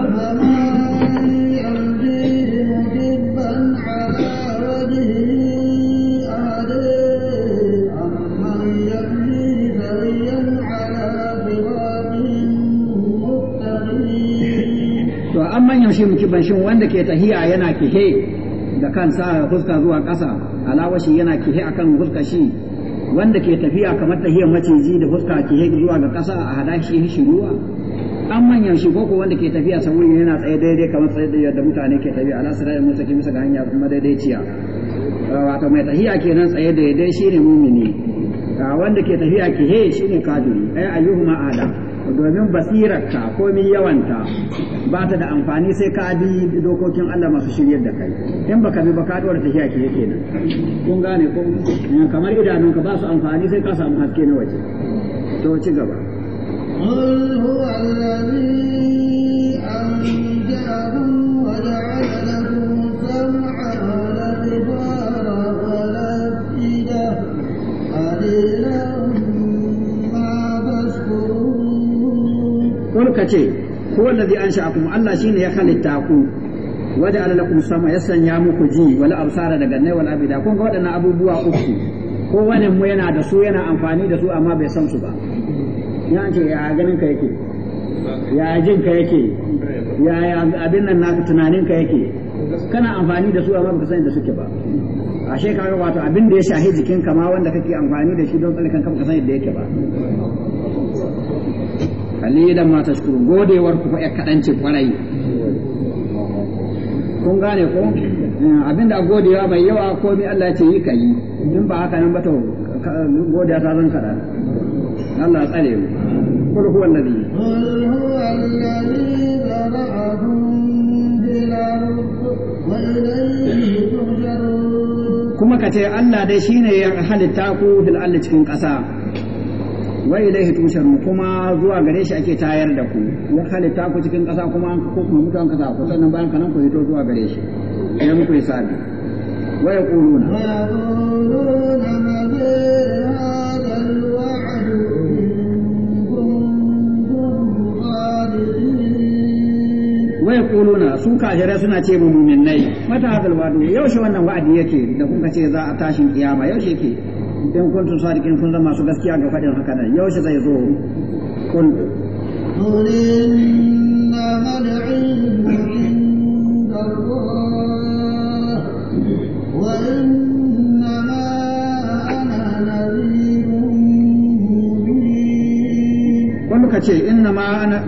to an manyan shi mutum shin wanda ke tahiya yana kihe da kansa fuska zuwa ƙasa alawashi yana kihe a kan fuska shi wanda ke tafiya kamar tahiyar maciji da fuska kihe zuwa ga ƙasa a hada shi shi ruwa an manyan shi koko wanda ke tafiya sauri yana tsaye daidai kamar tsaye da yadda mutane ke tafiya ala sirai musa ke musa ga hanya kuma madaidaiciya uh, wato mai tahiya kenan tsaye daidai shi ne mumini uh, wanda ke tafiya kihe ne kafiri ay ayyuhuma adam domin ko komi yawanta ba ta da amfani sai ka bi dokokin Allah masu shiryar da kai in baka bi baka dora tafiya ke yake nan kun gane ko eh, kamar idanunka ba su amfani sai ka samu haske na waje to ci gaba huwa allazi ansha'akum Allah shine ya halitta ku waje alalakum sama ya sanya muku ji wal absara da gannai wal abida kun ga waɗannan abubuwa uku ko wani mu yana da su yana amfani da su amma bai san su ba ya ce ya ganin ka yake ya jin ka yake ya abin nan naka tunanin ka yake kana amfani da su amma baka sani da suke ba ashe kaga wato abin da ya shahi jikinka ma wanda kake amfani da shi don tsarkan kanka san yadda yake ba Kalilan ma tashkuru godewar ku fa ya kadance kwarai kun gane ko eh, abinda a godewa mai yawa ko mai Allah ce yi kai in ba haka nan ba to godiya ta zan kada Allah tsare mu kul huwa ne. kul huwa ce zara'akum ardi wa ilayhi kuma Allah dai shine ya halitta ku fil ardi cikin ƙasa wa ilaihi tusharun kuma zuwa gare shi ake tayar da ku ya halitta ku cikin ƙasa kuma an ko kuma mutu kasa ku sannan bayan kanan ku hito zuwa gare shi ya muku hisabi wa yaquluna Wai kuluna su kafirai suna ce mu mu'minai mata hadal wa'du yaushe wannan wa'adi yake da kun ce za a tashin kiyama shi yake in kun tun sadiqin kun zama su gaskiya ga faɗin haka nan yaushe zai zo kun ce inna ma ana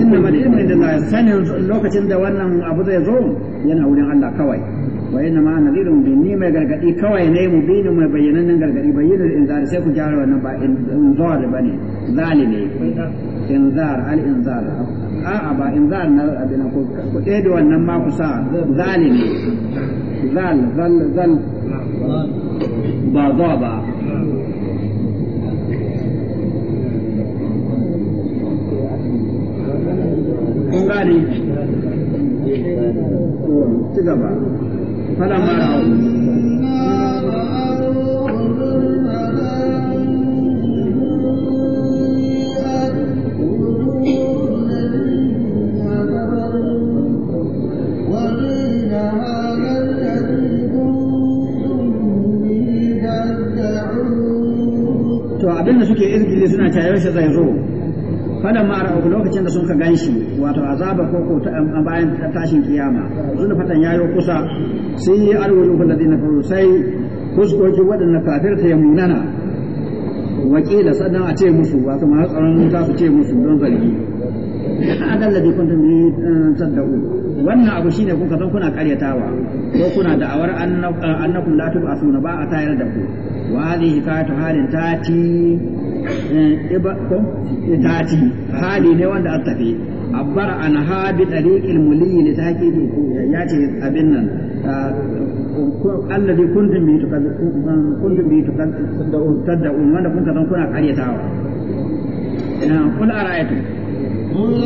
inna ma da ilmin da sanin lokacin da wannan abu zai zo yana wurin Allah kawai wa inna ma nadhirun bi ni mai gargadi kawai ne mu binu mai nan gargadi bayyana inzar sai ku gyara wannan ba inzar bane zali ne inzar al inzar a a ba inzar na abin ko ku dai wannan ma ku sa zali ne zal zal zal ba za ba kun gani? ci gaba فلما رأوا to abin da suke izgili suna tayar shi zai zo falan ma ra'u lokacin da sun ka ganshi wato azaba ko ko ta bayan tashin kiyama zuna fatan yayo kusa sai yi kullu ladina kafaru sai fuskoki wadanna kafirta ya munana wakila sannan a ce musu wato ma tsaron za su ce musu don zargi adal ladhi kuntum bi tad'u eh, wannan abu shine kun san kuna karyatawa ko kuna da'awar annakum la tub'athuna ba a tayar da ku wa hadhihi hikayatu halin tati Eh, itati hali ne wanda an tafi abbar an ha bi tariqil muliyi ne ta haƙiƙi ya ce abin nan allazi kuntum bi um, kuntum bi tad'un wanda kun kazan kuna karyatawa ina ara'aytum qul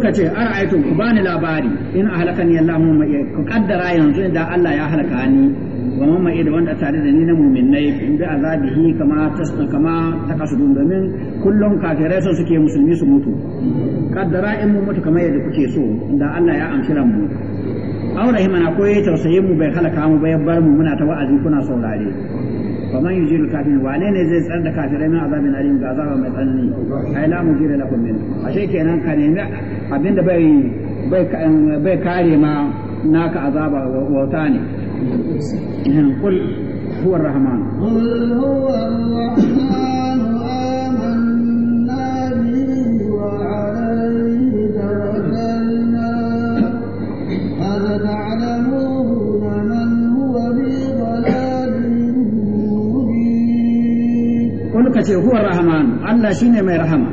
suka ce aito ku bani labari in ahlakani Allah mun mai ku kaddara yanzu idan Allah ya halaka ni wa mun mai da wanda tare da ni na mu'minnai bi azabihi kama tasna kama takasudun domin kullum kafirai sun suke musulmi su mutu kaddara in mu mutu kamar yadda kuke so da Allah ya amshi mu aure mana ko tausayin mu bai halaka mu bai bar mu muna ta wa'azi kuna saurare faman yujiru kafin wane ne zai tsar da kafirai min azabin alim ga azaba mai tsanani ai la mujira min ashe kenan ka nemi abinda bai bai bai kare ma naka azaba wauta ne kul huwa rahman rahman aka ce huwa rahman Allah shine mai rahama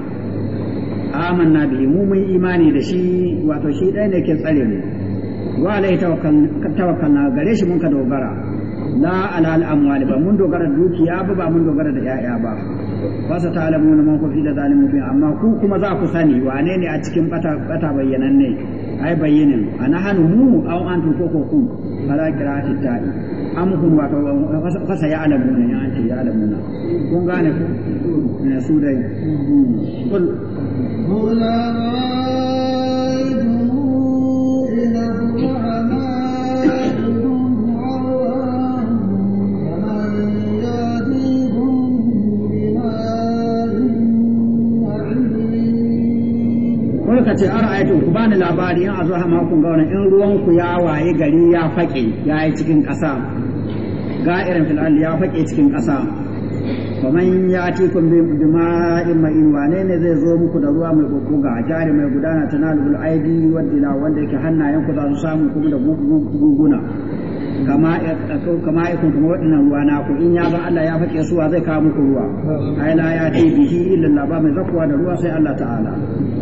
amanna bihi mu mun imani da shi wato shi ɗaya ne ke tsare mu wa alai tawakkalna gare shi mun ka dogara la ala al amwal ba mun dogara dukiya ba ba mun dogara da yaya ba fa sa ta'lamuna man kufi da zalimin amma ku kuma za ku sani wane ne a cikin bata bata bayyananne ai a na hannu mu a antum ko koko kun ala qira'ati ta'i am kun wa to fa sai alamuna ya ce ya na kun gane ku ne eh, su dai hmm. kul ce a ayatun ku bani labari in zo hama kun ga wannan in ruwan ku ya waye gari ya fake ya yi cikin ƙasa ga irin filan ya fake cikin ƙasa kamar ya ci kun bi jima'in mai wane ne zai zo muku da ruwa mai a jari mai gudana tanalul aidi na wanda yake hannayen ku za su samu kuma da guguna kama ya kama ya kun kuma waɗannan ruwa na ku in ya ba Allah ya fake suwa zai kawo muku ruwa ai la ya ti bihi illa Allah ba mai zakuwa da ruwa sai Allah ta'ala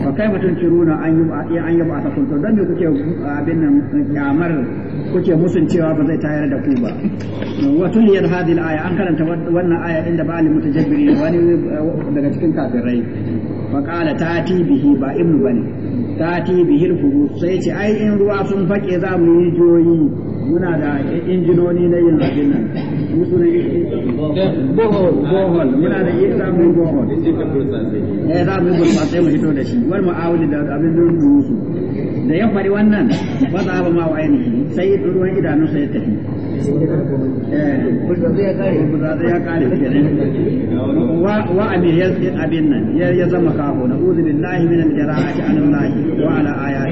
fa kai mutun kiruna an yi an yi ba ta eh, kun to dan me kuke eh, abin nan kyamar kuke musun cewa ba zai tayar da ku ba wato ne hadhihi al-aya an karanta wannan aya inda ba al mutajabbirin wani eh, daga cikin kafirai fa qala ti bihi ba ibnu ta ti bihi al sai ce ai in ruwa sun fake za mu yi joyi muna da injinoni na yin abin nan musu ne bohol bohol muna da yin zamu bohol eh zamu bohol sai mu hito da shi wani mu'awili da abin nan musu da ya fari wannan ba za ba ma wa ainihi sai ruwan idanunsa ya tafi wa a miyar sai abin nan ya zama kafo na uzu bin lahi minan a ci'an lahi wa ala aya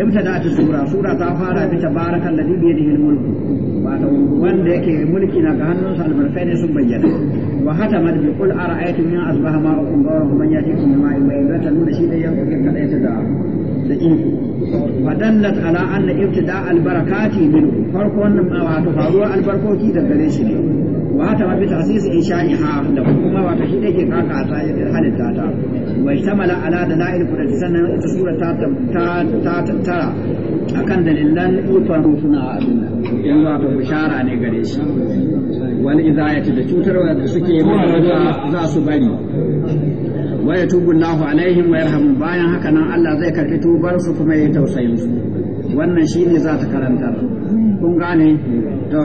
imta da ta sura sura ta fara ta tabarakan da dubiya da hilmul wanda yake mulki na ga hannunsa albarkai ne sun bayyana wa hata ma bi kul ara ayatin min asbaha ma ukum ba wa man yati kun ma'i wa idza tanuna shi da yanzu kai kada ta da da iko fadallat ala anna ibtida al barakati min farkon wato faruwar albarkoki da gare shi ne wa ta mafi tasis in sha'iha da kuma wato shi da ke kaka ta halitta ta wa ishtamala ala da la'il kudati sannan ita sura ta ta akan dalilan ikon rufuna abin in za ta bishara ne gare shi wani idayati da cutarwa da suke yi za su bari wa yatubu Allahu alaihim wa yarhamu bayan haka nan Allah zai karbi tubar su kuma ya tausayin su wannan shine za ta karanta kun gane to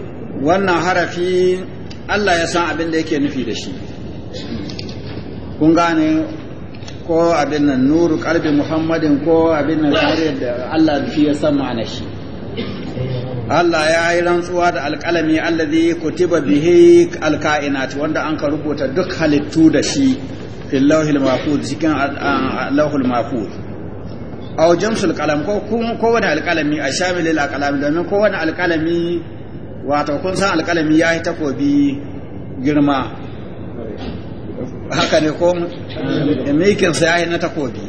wannan harafi Allah ya san abin da yake nufi da shi kun gane ko abin nan nuru kalbi muhammadin ko abin nan kare da Allah shi ya san ma'ana shi Allah ya yi rantsuwa da alƙalami allazi kutiba bihi alka'inat wanda an ka rubuta duk halittu da shi fil lawhil mahfuz cikin mahfuz aw jamsul qalam ko ko alƙalami a shamilil alƙalami domin ko alƙalami wato kun san alƙalami ya yi takobi girma haka ne ko mikinsa ya yi na takobi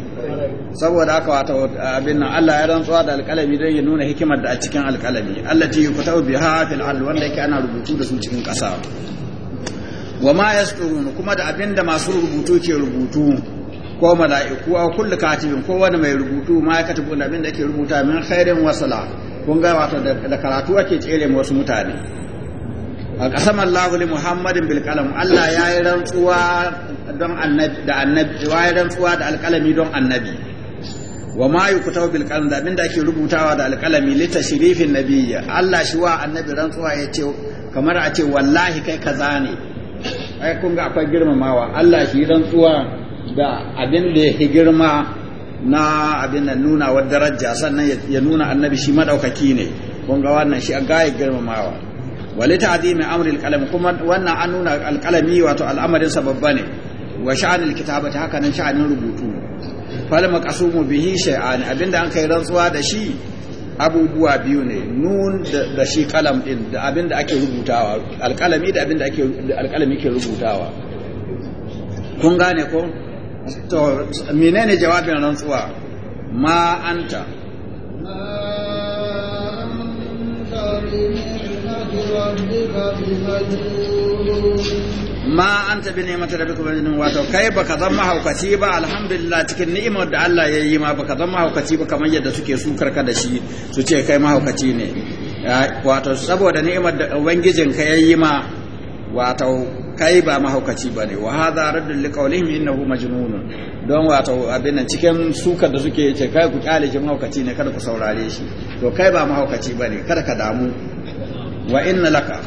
saboda haka wato abin nan Allah ya rantsuwa da alƙalami don ya nuna hikimar da a cikin alƙalami Allah ta yi kutau ubi hafin wanda yake ana rubutu da su cikin ƙasa wa ma yasturun kuma da abin da masu rubutu ke rubutu ko mala'iku a kullu katibin ko wani mai rubutu ma ya katibu da abin da ke rubuta min khairin wasala kun ga wato da karatu ake tsere wasu mutane a ƙasam Allah li Muhammadin bil qalam Allah ya yi rantsuwa don annabi da annabi ya yi rantsuwa da alƙalami don annabi wa ma yukutaw bil qalam da abinda ake rubutawa da alƙalami li tashrifin nabiyya Allah shi wa annabi rantsuwa ya ce kamar a ce wallahi kai kaza ne ai kun ga akwai girmamawa Allah shi rantsuwa da abin da ya girma na abin nan nuna wa daraja sannan ya nuna annabi shi madaukaki ne kun ga wannan shi an gaya girmamawa wali ta'zimi amril qalam kuma wannan an nuna alqalami wato al'amarin sa babba ne wa sha'anil ta haka nan sha'anin rubutu fal maqasumu bihi shay'an abinda an kai rantsuwa da shi abubuwa biyu ne nun da shi kalam din da abinda ake rubutawa alqalami da abinda ake alqalami ke rubutawa kun gane ko to menene jawabin rantsuwa ma anta ma an anta bi ni'mati rabbika majnun wato kai ba ka zama haukaci ba alhamdulillah cikin ni'imar da Allah ya yi ma ba ka zama haukaci ba kamar yadda suke su karka da shi su ce kai ma haukaci ne wato saboda ni'imar da ubangijin ka ya yi ma wato kai ba mahaukaci ba ne wa hadha raddun liqaulihim innahu majnun don wato abin nan cikin sukar da suke ce kai ku kyale shi mahaukaci ne kada ku saurare shi to kai ba mahaukaci ba ne kada ka damu wa inna laka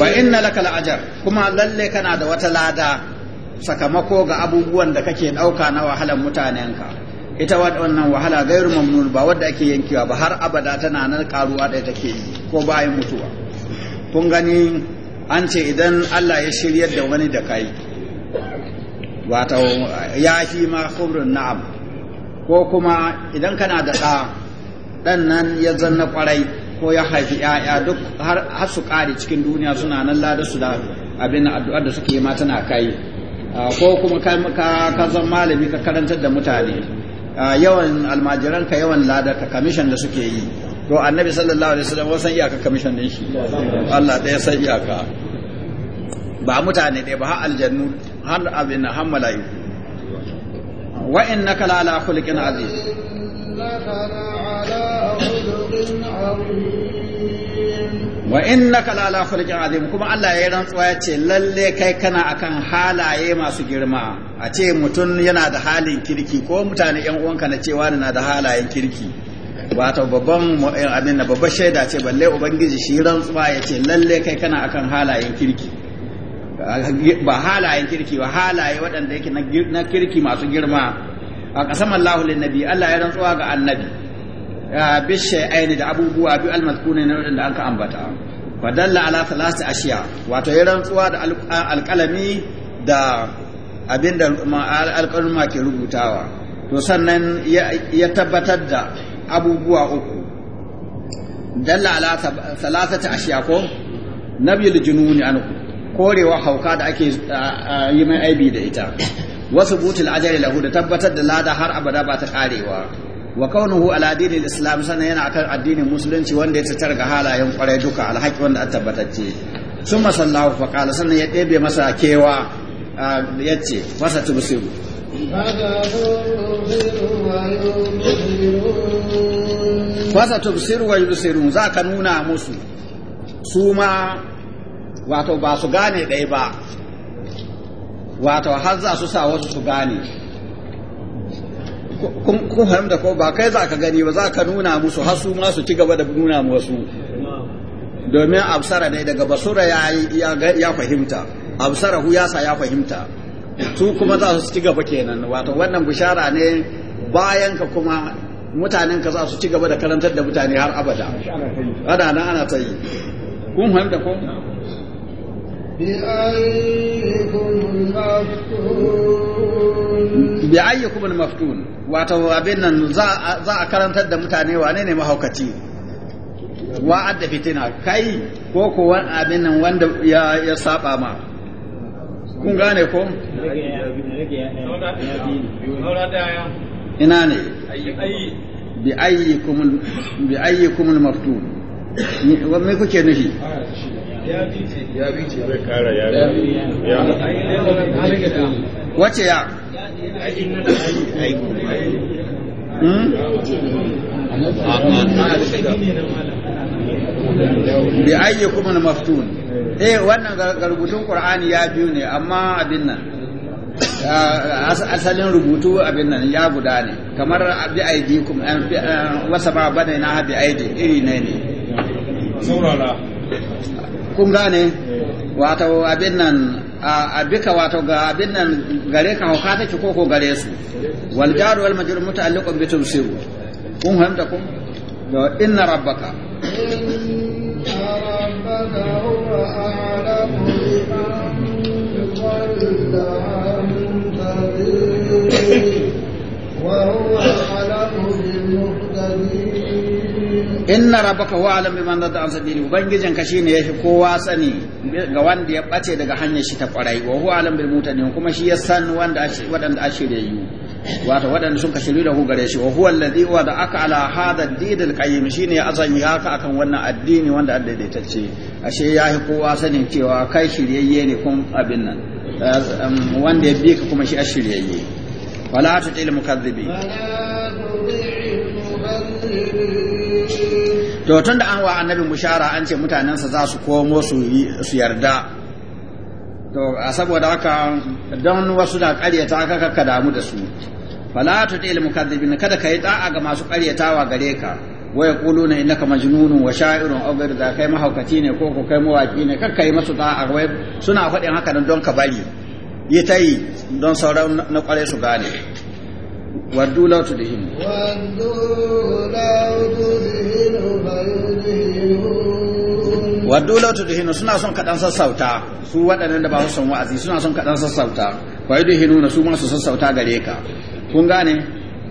wa inna laka la'ajran wa inna laka la'ajar kuma lalle kana da wata lada sakamako ga abubuwan da kake dauka na wahalan mutanenka ita wannan wahala gairu mamnun ba wadda ake yankewa ba har abada tana nan karuwa da take yi ko bayan mutuwa kun gani an ce idan Allah ya shirya da wani da kai wato ya fi ma khumrun na'am ko kuma idan kana da ɗa ɗan nan ya zanna kwarai ko ya haifi ‘ya'ya duk har su ƙare cikin duniya suna nan lada su da abin addu'ar da suke ma tana kai ko kuma ka zan malami ka karantar da mutane Ah, yawan almajiran ka yawan ka kamishan da suke yi to annabi sallallahu alaihi wasallam wasan iyaka kamishan din shi Allah ɗaya san iyaka ba mutane dai ba har aljannu har abin har mala'iku wa innaka la ala khuluqin azim innaka la ala khuluqin azim wa innaka la ala azim kuma Allah ya rantsuwa ya ce lalle kai kana akan halaye masu girma a ce mutum yana da halin kirki ko mutane yan uwanka na cewa na da halayen kirki wato babban eh, abin da babbar shaida ce balle ubangiji shi rantsuwa ya ce lalle kai kana akan halayen kirki ba halayen kirki ba halaye waɗanda yake na kirki masu girma a ƙasaman lahulin nabi Allah ya rantsuwa ga annabi bishai'aini da abubuwa biyu almazkurin na wadanda an ka ambata fadalla ala thalatha ashiya wato ya rantsuwa da alkalami da abinda alkalma ke rubutawa to sannan ya tabbatar da abubuwa uku dalla ala thalathata ashiya ko nabiyul jununi anhu korewa hauka da ake yi mai aibi da ita wasu butul ajali lahu da tabbatar da lada har abada ba ta karewa wa kaunuhu ala dinin islam sannan yana akan addinin musulunci wanda ya tattara ga halayen kwarai duka alhaki wanda an tabbatacce sun masallahu fa qala sannan ya ɗebe masa kewa ya ce masa tubsiru fasa tubsiru wa yubsirun za ka nuna musu su ma wato ba su gane ɗaya ba wato har za su sa wasu su gane kun fahimta ko ba kai za ka gani ba za ka nuna musu hasu ma su ci gaba da nuna musu domin absara ne daga basura ya fahimta absara hu ya sa ya fahimta su kuma za su ci gaba kenan wato wannan bishara ne bayan ka kuma mutanen ka za su ci gaba da karantar da mutane har abada ana nan ana ta yi kun fahimta ko bi ayyukum al-maftun wato abin nan za a karantar da mutane wane ne mahaukaci wa'ad da fitina kai ko ko abin nan wanda ya saba ma kun gane ko ina ne bi ayyikum bi ayyikum al-maftun wa me kuke nufi ya bi ce zai kara ya ya wace ya hmm? bi ayyi kuma na maftun eh wannan rubutun qur'ani ya biyu ne amma abin nan asalin rubutu abin nan ya guda ne kamar bi aidi kuma wasa eh, ba bane na bi eh, aidi iri ne ne saurara kun gane wato abin nan bika wato ga abin nan gare ka hauka take ko ko gare su wal jaru wal majrur muta'alliqun bi siru kun fahimta kun da inna rabbaka inna rabbaka wa alam biman dadda an sabili ubangijin ka shine yafi kowa sani ga wanda ya bace daga hanyar shi ta kwarai wa huwa alam bil mutane kuma shi ya san wanda wadanda a shirye yu wato wadanda sun ka da ku gare shi wa huwa alladhi wa da aka ala hada didil qayyim shine ya azan ya ka akan wannan addini wanda Allah tace ashe yafi kowa sani cewa kai shiryayye ne kun abin nan wanda ya bi ka kuma shi a shiryayye wala tutil mukazzibin to tun da an wa annabi mushara an ce mutanensa za su komo su yarda to a saboda haka don wasu da ƙaryata ka kakka damu da su fala ilmu kadda mukazzibin kada ka yi da'a ga masu karyatawa gare ka wa na innaka majnunun wa sha'irun aw ghayr da kai mahaukaci ne ko ko kai mawaki ne kakka yi masu da'a wai suna faɗin haka don ka bari yi ta yi don sauran na kware su gane waddu la da yi. waddu da hinu suna son kadan sassauta su waɗannan da ba su son wa'azi suna son kadan sassauta fa yudhinu na su ma su sassauta gare ka kun gane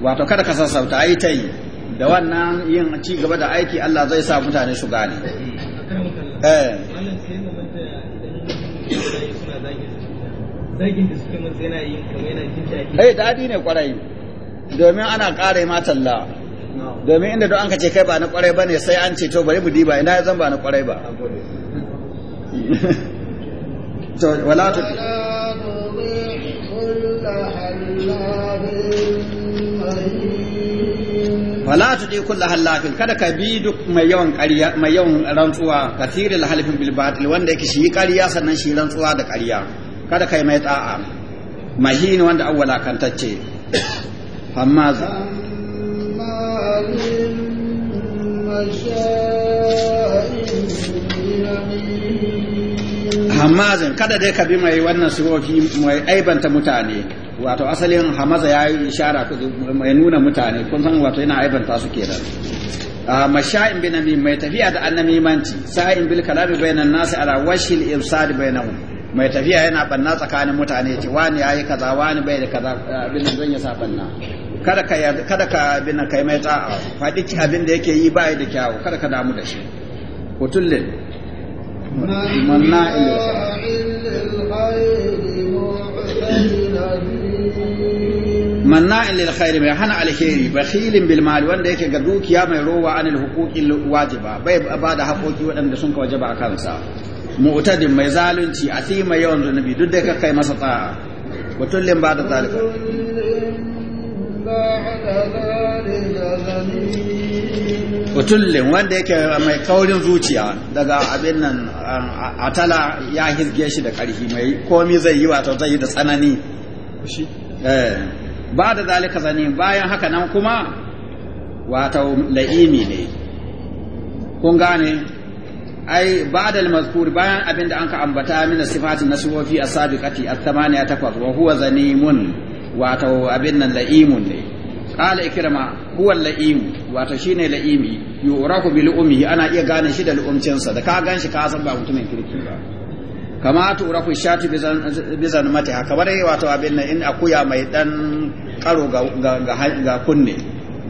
wato kada ka sassauta ai tai da wannan yin ci gaba da aiki Allah zai sa mutane su gane eh zagin da suke mun yana yin kamar yana jin daɗi eh dadi ne kwarai domin ana kare ma talla domin inda don an ka ce kai ba na kwarai ba ne sai an ce to bari mu diba ina ya zan ba na kwarai ba wala ta ɗi tu hallafin kada ka bi duk mai yawan ƙarya mai yawan rantsuwa kathirul halifin bil batil wanda yake shi yi ƙarya sannan shi rantsuwa da ƙarya kada ka yi mai ta'a mahini wanda awwala kantacce amma hamazin kada dai ka bi mai wannan sirofi mai aibanta mutane wato asalin hamaza ya yi ishara mai nuna mutane kun san wato yana aibanta su ke kenan masha'in bi nabi mai tafiya da manci sa'in bil kalami bainan nasi ala washil irsad bainahum mai tafiya yana banna tsakanin mutane ce wani yayi kaza wani bai da kaza abin zan ya sa banna kada ka kada ka kai mai ta'a faɗi ki abin da yake yi ba da kyawu kada ka damu da shi kutullin manna Manna ilil khairi mai hana alheri bakhilin bil mali wanda yake ga dukiya mai rowa anil huquqil wajiba bai ba da haƙoƙi waɗanda sun ka wajaba a kansa mu'tadin mai zalunci athima yawan zunubi duk da ka kai masa ta'a kutullin ba da zalika mutullin wanda yake mai kaurin zuciya daga abin nan um, atala ya hirge shi da ƙarfi mai komi zai yi wato zai yi da tsanani eh, ba da zalika zane bayan haka nan kuma wato la'imi ne kun gane ai ba da mazkur bayan abin da an ka ambata mina sifatin na sifofi a kati a 88 wa huwa zanimun wato abin nan la'imun ne qala ikrama huwa la'imu wato shine la'imi yuraku bil ummi ana iya gane shi da lu'umcinsa da ka gan ka san ba mutumin kirki ba kama turaku shati bizan mata haka bare wato abin nan in akuya mai dan karo ga kunne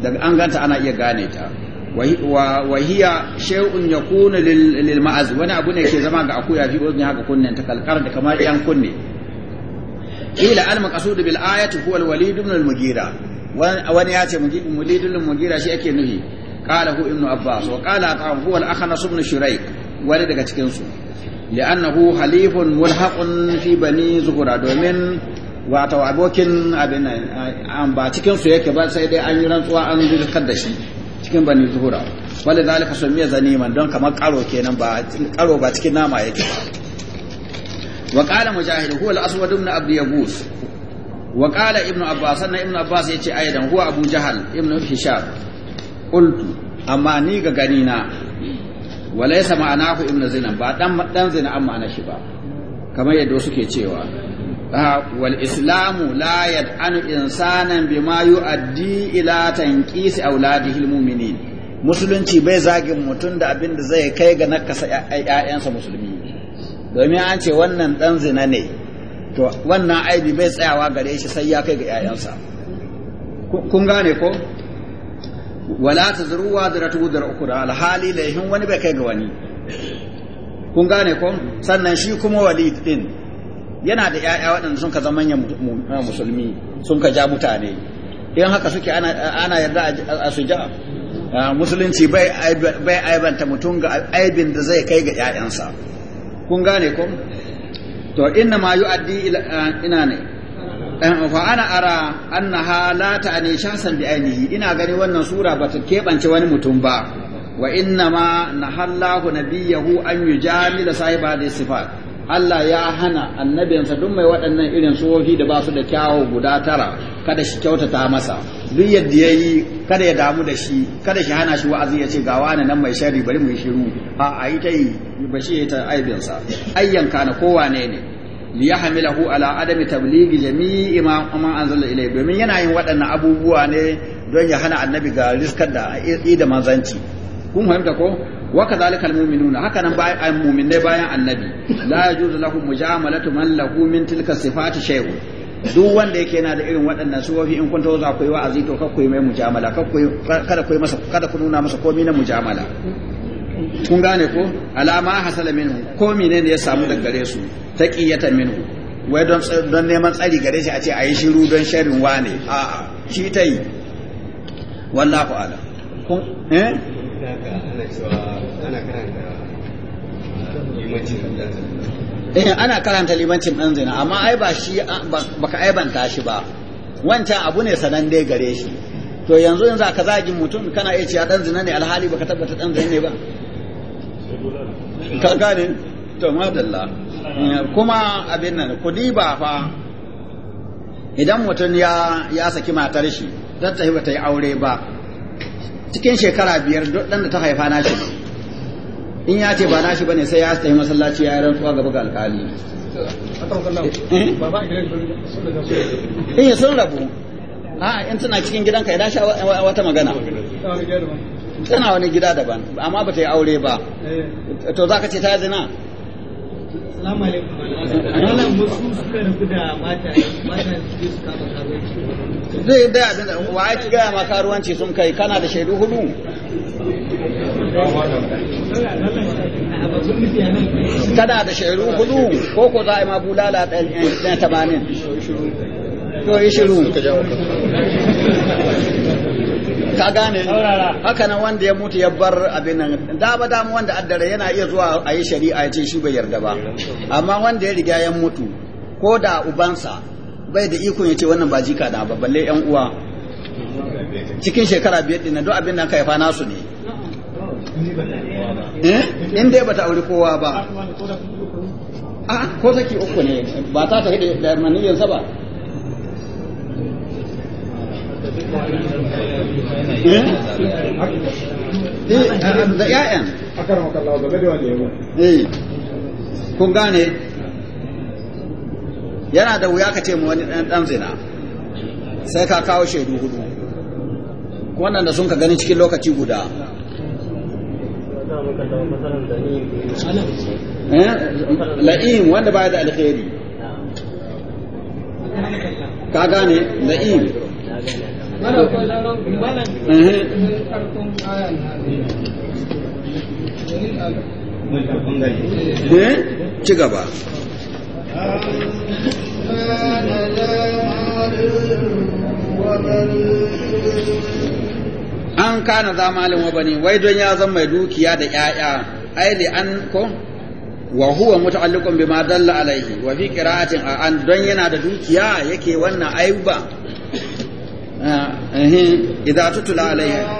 daga an ganta ana iya gane ta wa hiya shay'un yakunu lil ma'az wani abu ne ke zama ga akuya fi wajen haka kunnen ta kalkar da kamar yan kunne kila al maqsud bil ayati huwa al walid ibn al mugira wani ya ce walid ibn al mugira shi ake nufi qala hu ibn abbas wa qala ta huwa al akhnas ibn shuraik wani daga cikin su li'annahu halifun mulhaqun fi bani zuhura domin wato abokin abin an ba cikin su yake ba sai dai an yi rantsuwa an zurkar da shi cikin bani zuhura wanda zalika sun miya zaniman don kamar karo kenan ba karo ba cikin nama yake ba wa qala mujahid huwa al-aswad ibn abi yabus wa qala abbas sannan ibn abbas yace aidan huwa abu jahal ibn hisham qultu amma ni ga gani na walaysa ma'anahu ibn zina ba dan dan amma ana ba kamar yadda suke cewa wal islamu la yad'anu insanan bima yu'addi ila tanqisi auladihi almu'minin musulunci bai zagin mutum da abin da zai kai ga nakasa ƴaƴansa musulmi domin an ce wannan ɗan zina ne to wannan aibi bai tsayawa gare shi sai ya kai ga 'ya'yansa kun gane ko wala ta zuruwa ratu da ukura alhali laihin wani bai kai ga wani kun gane ko sannan shi kuma wali din yana da 'ya'ya waɗanda sun ka zama musulmi sun ka ja mutane in haka suke ana yarda a su ja musulunci bai aibanta mutum ga aibin da zai kai ga 'ya'yansa kun gane ko to inna ma yu'addi ina ne eh, fa ana ara annaha la ta'ni shasan bi ainihi ina gani wannan sura bata kebance wani mutum ba wa inna ma nahallahu nabiyahu an yujamila sahiba da sifat Allah ya hana annabinsa duk mai waɗannan irin suwofi da ba su da kyawu guda tara kada shi kyautata masa duk yadda ya yi kada ya damu da shi kada shi hana shi wa'azi ya ce ga wani nan mai shari bari mu yi shiru a a yi ta yi ba shi ya ta aibinsa ayyanka na kowane ne li ya hamilahu ala adami tablighi jami'i ma zalla ilai domin yana yin waɗannan abubuwa ne don ya hana annabi ga riskar da da manzanci kun fahimta ko wa kadhalika almu'minuna haka nan ai mu'minai bayan annabi la yajuzu lahum mujamalatu man lahu min tilka sifati shay'un duk wanda yake yana da irin waɗannan su wafi in kun za ku yi wa'azi to yi mai mujamala kada ku masa kada ku nuna masa komai na mujamala kun gane ko alama hasala minhu ko menene ya samu daga gare su taqiyatan minhu wai don don neman tsari gare shi a ce ayi shiru don sharrin wane a'a shi tai wallahu a'lam kun eh da haka ana cewa ana karanta ah, limancin ɗan zina. Eh, ana karanta limancin ɗan zina amma ai ba shi baka aibanta shi ba wancan abu ne sanan dai gare shi to yanzu yanzu aka zagin mutum kana iya cewa ɗan zina ne alhali baka tabbata ɗan zina ne ba ka gane to madalla eh, kuma abin nan kudi ba fa idan mutum ya saki matar shi ta ba ta yi aure ba cikin shekara biyar duk ɗan da ta haifa nashi in ya ce ba nashi bane sai ya yi masallaci ya yi rantsuwa gaba ga alkali in eh, sun rabu a in suna cikin gidanka idan sha wata magana tana wani gida daban amma ba ta yi aure ba to za ka ce ta zina Assalamu alaikum. Malam wasu suka rabu da mata mata su karuwanci. Zai da da wa ya gaya ma karuwanci sun kai kana da shaidu hudu. Kana da shaidu hudu ko ko za a yi ma bulala ɗan shiru To yi shiru. ka gane haka nan wanda ya mutu ya bar abin nan da ba da wanda addare yana iya zuwa a yi shari'a ya ce shi bai yarda ba amma wanda ya riga ya mutu ko da ubansa bai da ikon ya ce wannan ba jika da ba balle yan uwa cikin shekara biyar din duk abin nan ka yafa nasu ne eh? in dai bata aure kowa ba a ah, ko take uku ne ba ta ta hidi da maniyyarsa ba Eh? Eh, eh, da ‘ya'yan. Kun gane, yana da wuya ka ce mu wani ɗan zina, sai ka kawo shaidu hudu, waɗanda sun ka gani cikin lokaci guda. La'im wanda baya da alkhairi. Ka gane, la'im. Eh? Eh? ci gaba an kana za malin wabani wai don ya zan mai dukiya da ‘ya'ya aile an ko wa huwa muta'alliqun bima dalla alaihi wa fi qira'atin an don yana da dukiya yake wannan ayuba إذا تتلى عليها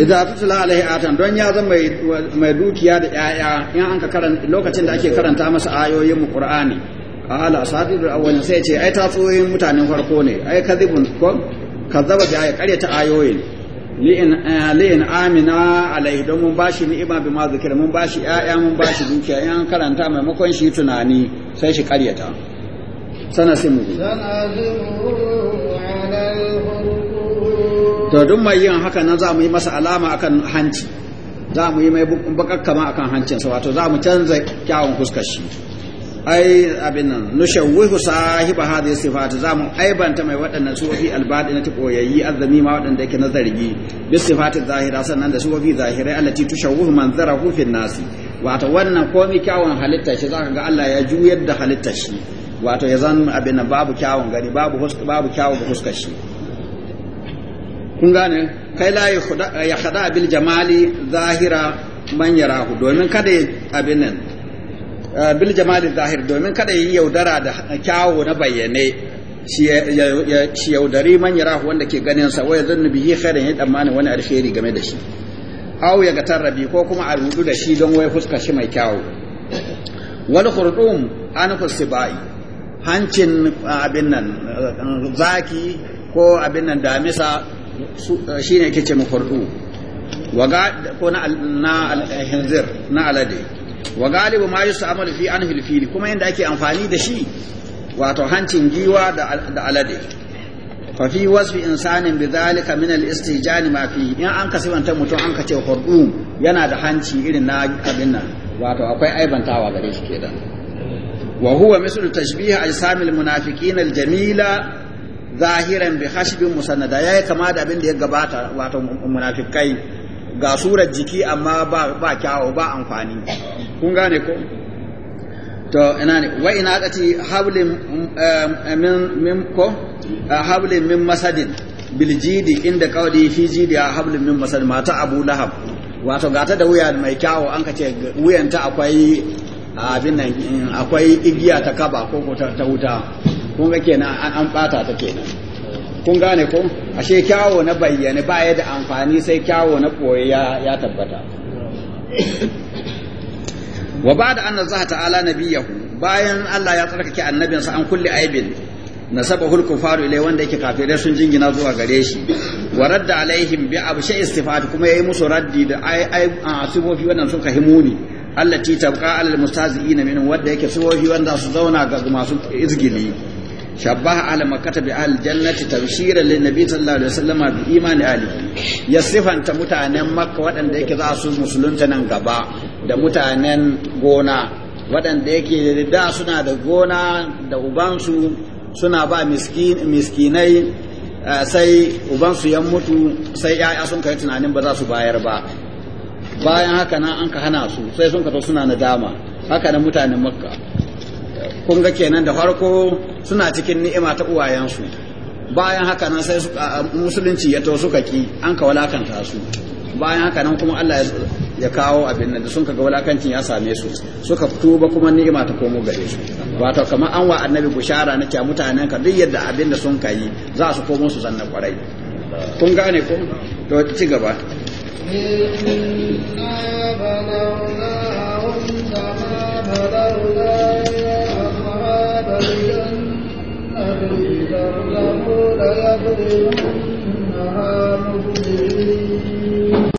idza tula alaihi atan don ya zama mai dukiya da yaya in an ka karanta lokacin da ake karanta masa ayoyin mu qur'ani ala satirul awwal sai ce ai tatsoyin mutanen farko ne ai kadibun ko kazzaba bi ayi qaryata ayoyin Eh, li'in amina alaihi don mun bashi ni'ima bi ma zikira mun bashi ƴaƴa mun bashi dukiya in karanta maimakon shi tunani sai shi karyata sana sai mu to duk mai yin haka nan za mu yi masa alama akan hanci za mu yi mai bakakka ma akan hancinsa wato za mu canza kyawun fuskar shi ai abin nan nushawwihu sahiba hadhihi sifati za mu aibanta mai waɗannan suwafi albadi na tiboyayi azami ma waɗanda yake zargi bi sifati zahira sannan da sufi zahirai allati tushawwihu manzarahu fi nasi wato wannan komai kyawun halitta shi zaka ga Allah ya juyar da halitta shi wato ya zan abin nan babu kyawun gani babu babu kyawun huskar shi kun gane kai la ya khada bil jamali zahira man yarahu domin kada abin nan Eh, bil jamalin zahir domin kada yi yaudara da kyawo na bayyane shi yaudari man yara wanda ke ganin sa waya zan bihi khairin ya tsammani wani alheri game da shi aw ya ga tarrabi ko kuma a rudu da shi don waya fuska shi mai kyawu. wal khurdum an fusibai hancin eh, abin nan eh, zaki ko abin nan damisa shine yake ce mu khurdu waga ko na na alhinzir na alade wa galibu ma yusta'malu fi an hilfili kuma inda ake amfani da shi wato hancin giwa da alade fa fi wasfi insanin bidhalika min al-istijan ma fi in an kasibanta mutum an kace hurdum yana da hanci irin na abin nan wato akwai aibantawa gare shi kenan wa huwa mislu tashbih ajsamil munafiqin al-jamila zahiran bi khashbin musannada yayi kama da abin da ya gabata wato munafikai ga surar jiki amma ba kyawo ba amfani kun gane ko to ina ne wa ina aqati hablin eh, eh, min min ko eh, hablin min masadin bil jidi inda qawli fi jidi hablin min masad mata abu lahab wato gata da wuya mai kyawo an ka ce wuyanta akwai abin nan akwai igiya ta kaba ko ko ta wuta kun ga kenan an bata ta kenan kun gane ko ashe kyawo na bayyane ba ya da amfani sai kyawo na koyi ya tabbata wa ba da annar zaha ta'ala nabiyahu bayan Allah ya tsarkake annabinsa an kulle aibin na saba hulkun faru ilai wanda yake kafirai sun jingina zuwa gare shi wa radda alaihim bi sha'i istifat kuma ya yi musu raddi da ai a sifofi wannan sun ka himuni allati tabqa al ina min wanda yake sifofi wanda su zauna ga masu izgili shabbaha ahli makkata bi ahli jannati tabshiran lin nabi sallallahu alaihi wasallam bi imani ali ya sifanta mutanen makka waɗanda yake za su musulunta nan gaba da mutanen gona waɗanda yake da suna da gona da ubansu suna ba miskinai eh, sai ubansu ya mutu sai ya'ya sun kai tunanin ba za su bayar ba bayan haka nan an ka hana su sai sun ka suna nadama haka nan mutanen makka kun ga kenan da farko suna cikin ni'ima ta uwayensu bayan haka nan sai musulunci ya to suka ki an ka walakanta su bayan haka nan kuma Allah ya kawo abin da sun kaga walakancin ya same su suka ba kuma ni'ima ta komo gare su wato kamar an wa annabi bushara na cewa mutanen ka duk yadda abin da sun kayi za su komo su zanna kwarai kun gane ko to ci gaba إنا بلوناهم كما بلونا لتبينن به لو ليبدلنها مبدلين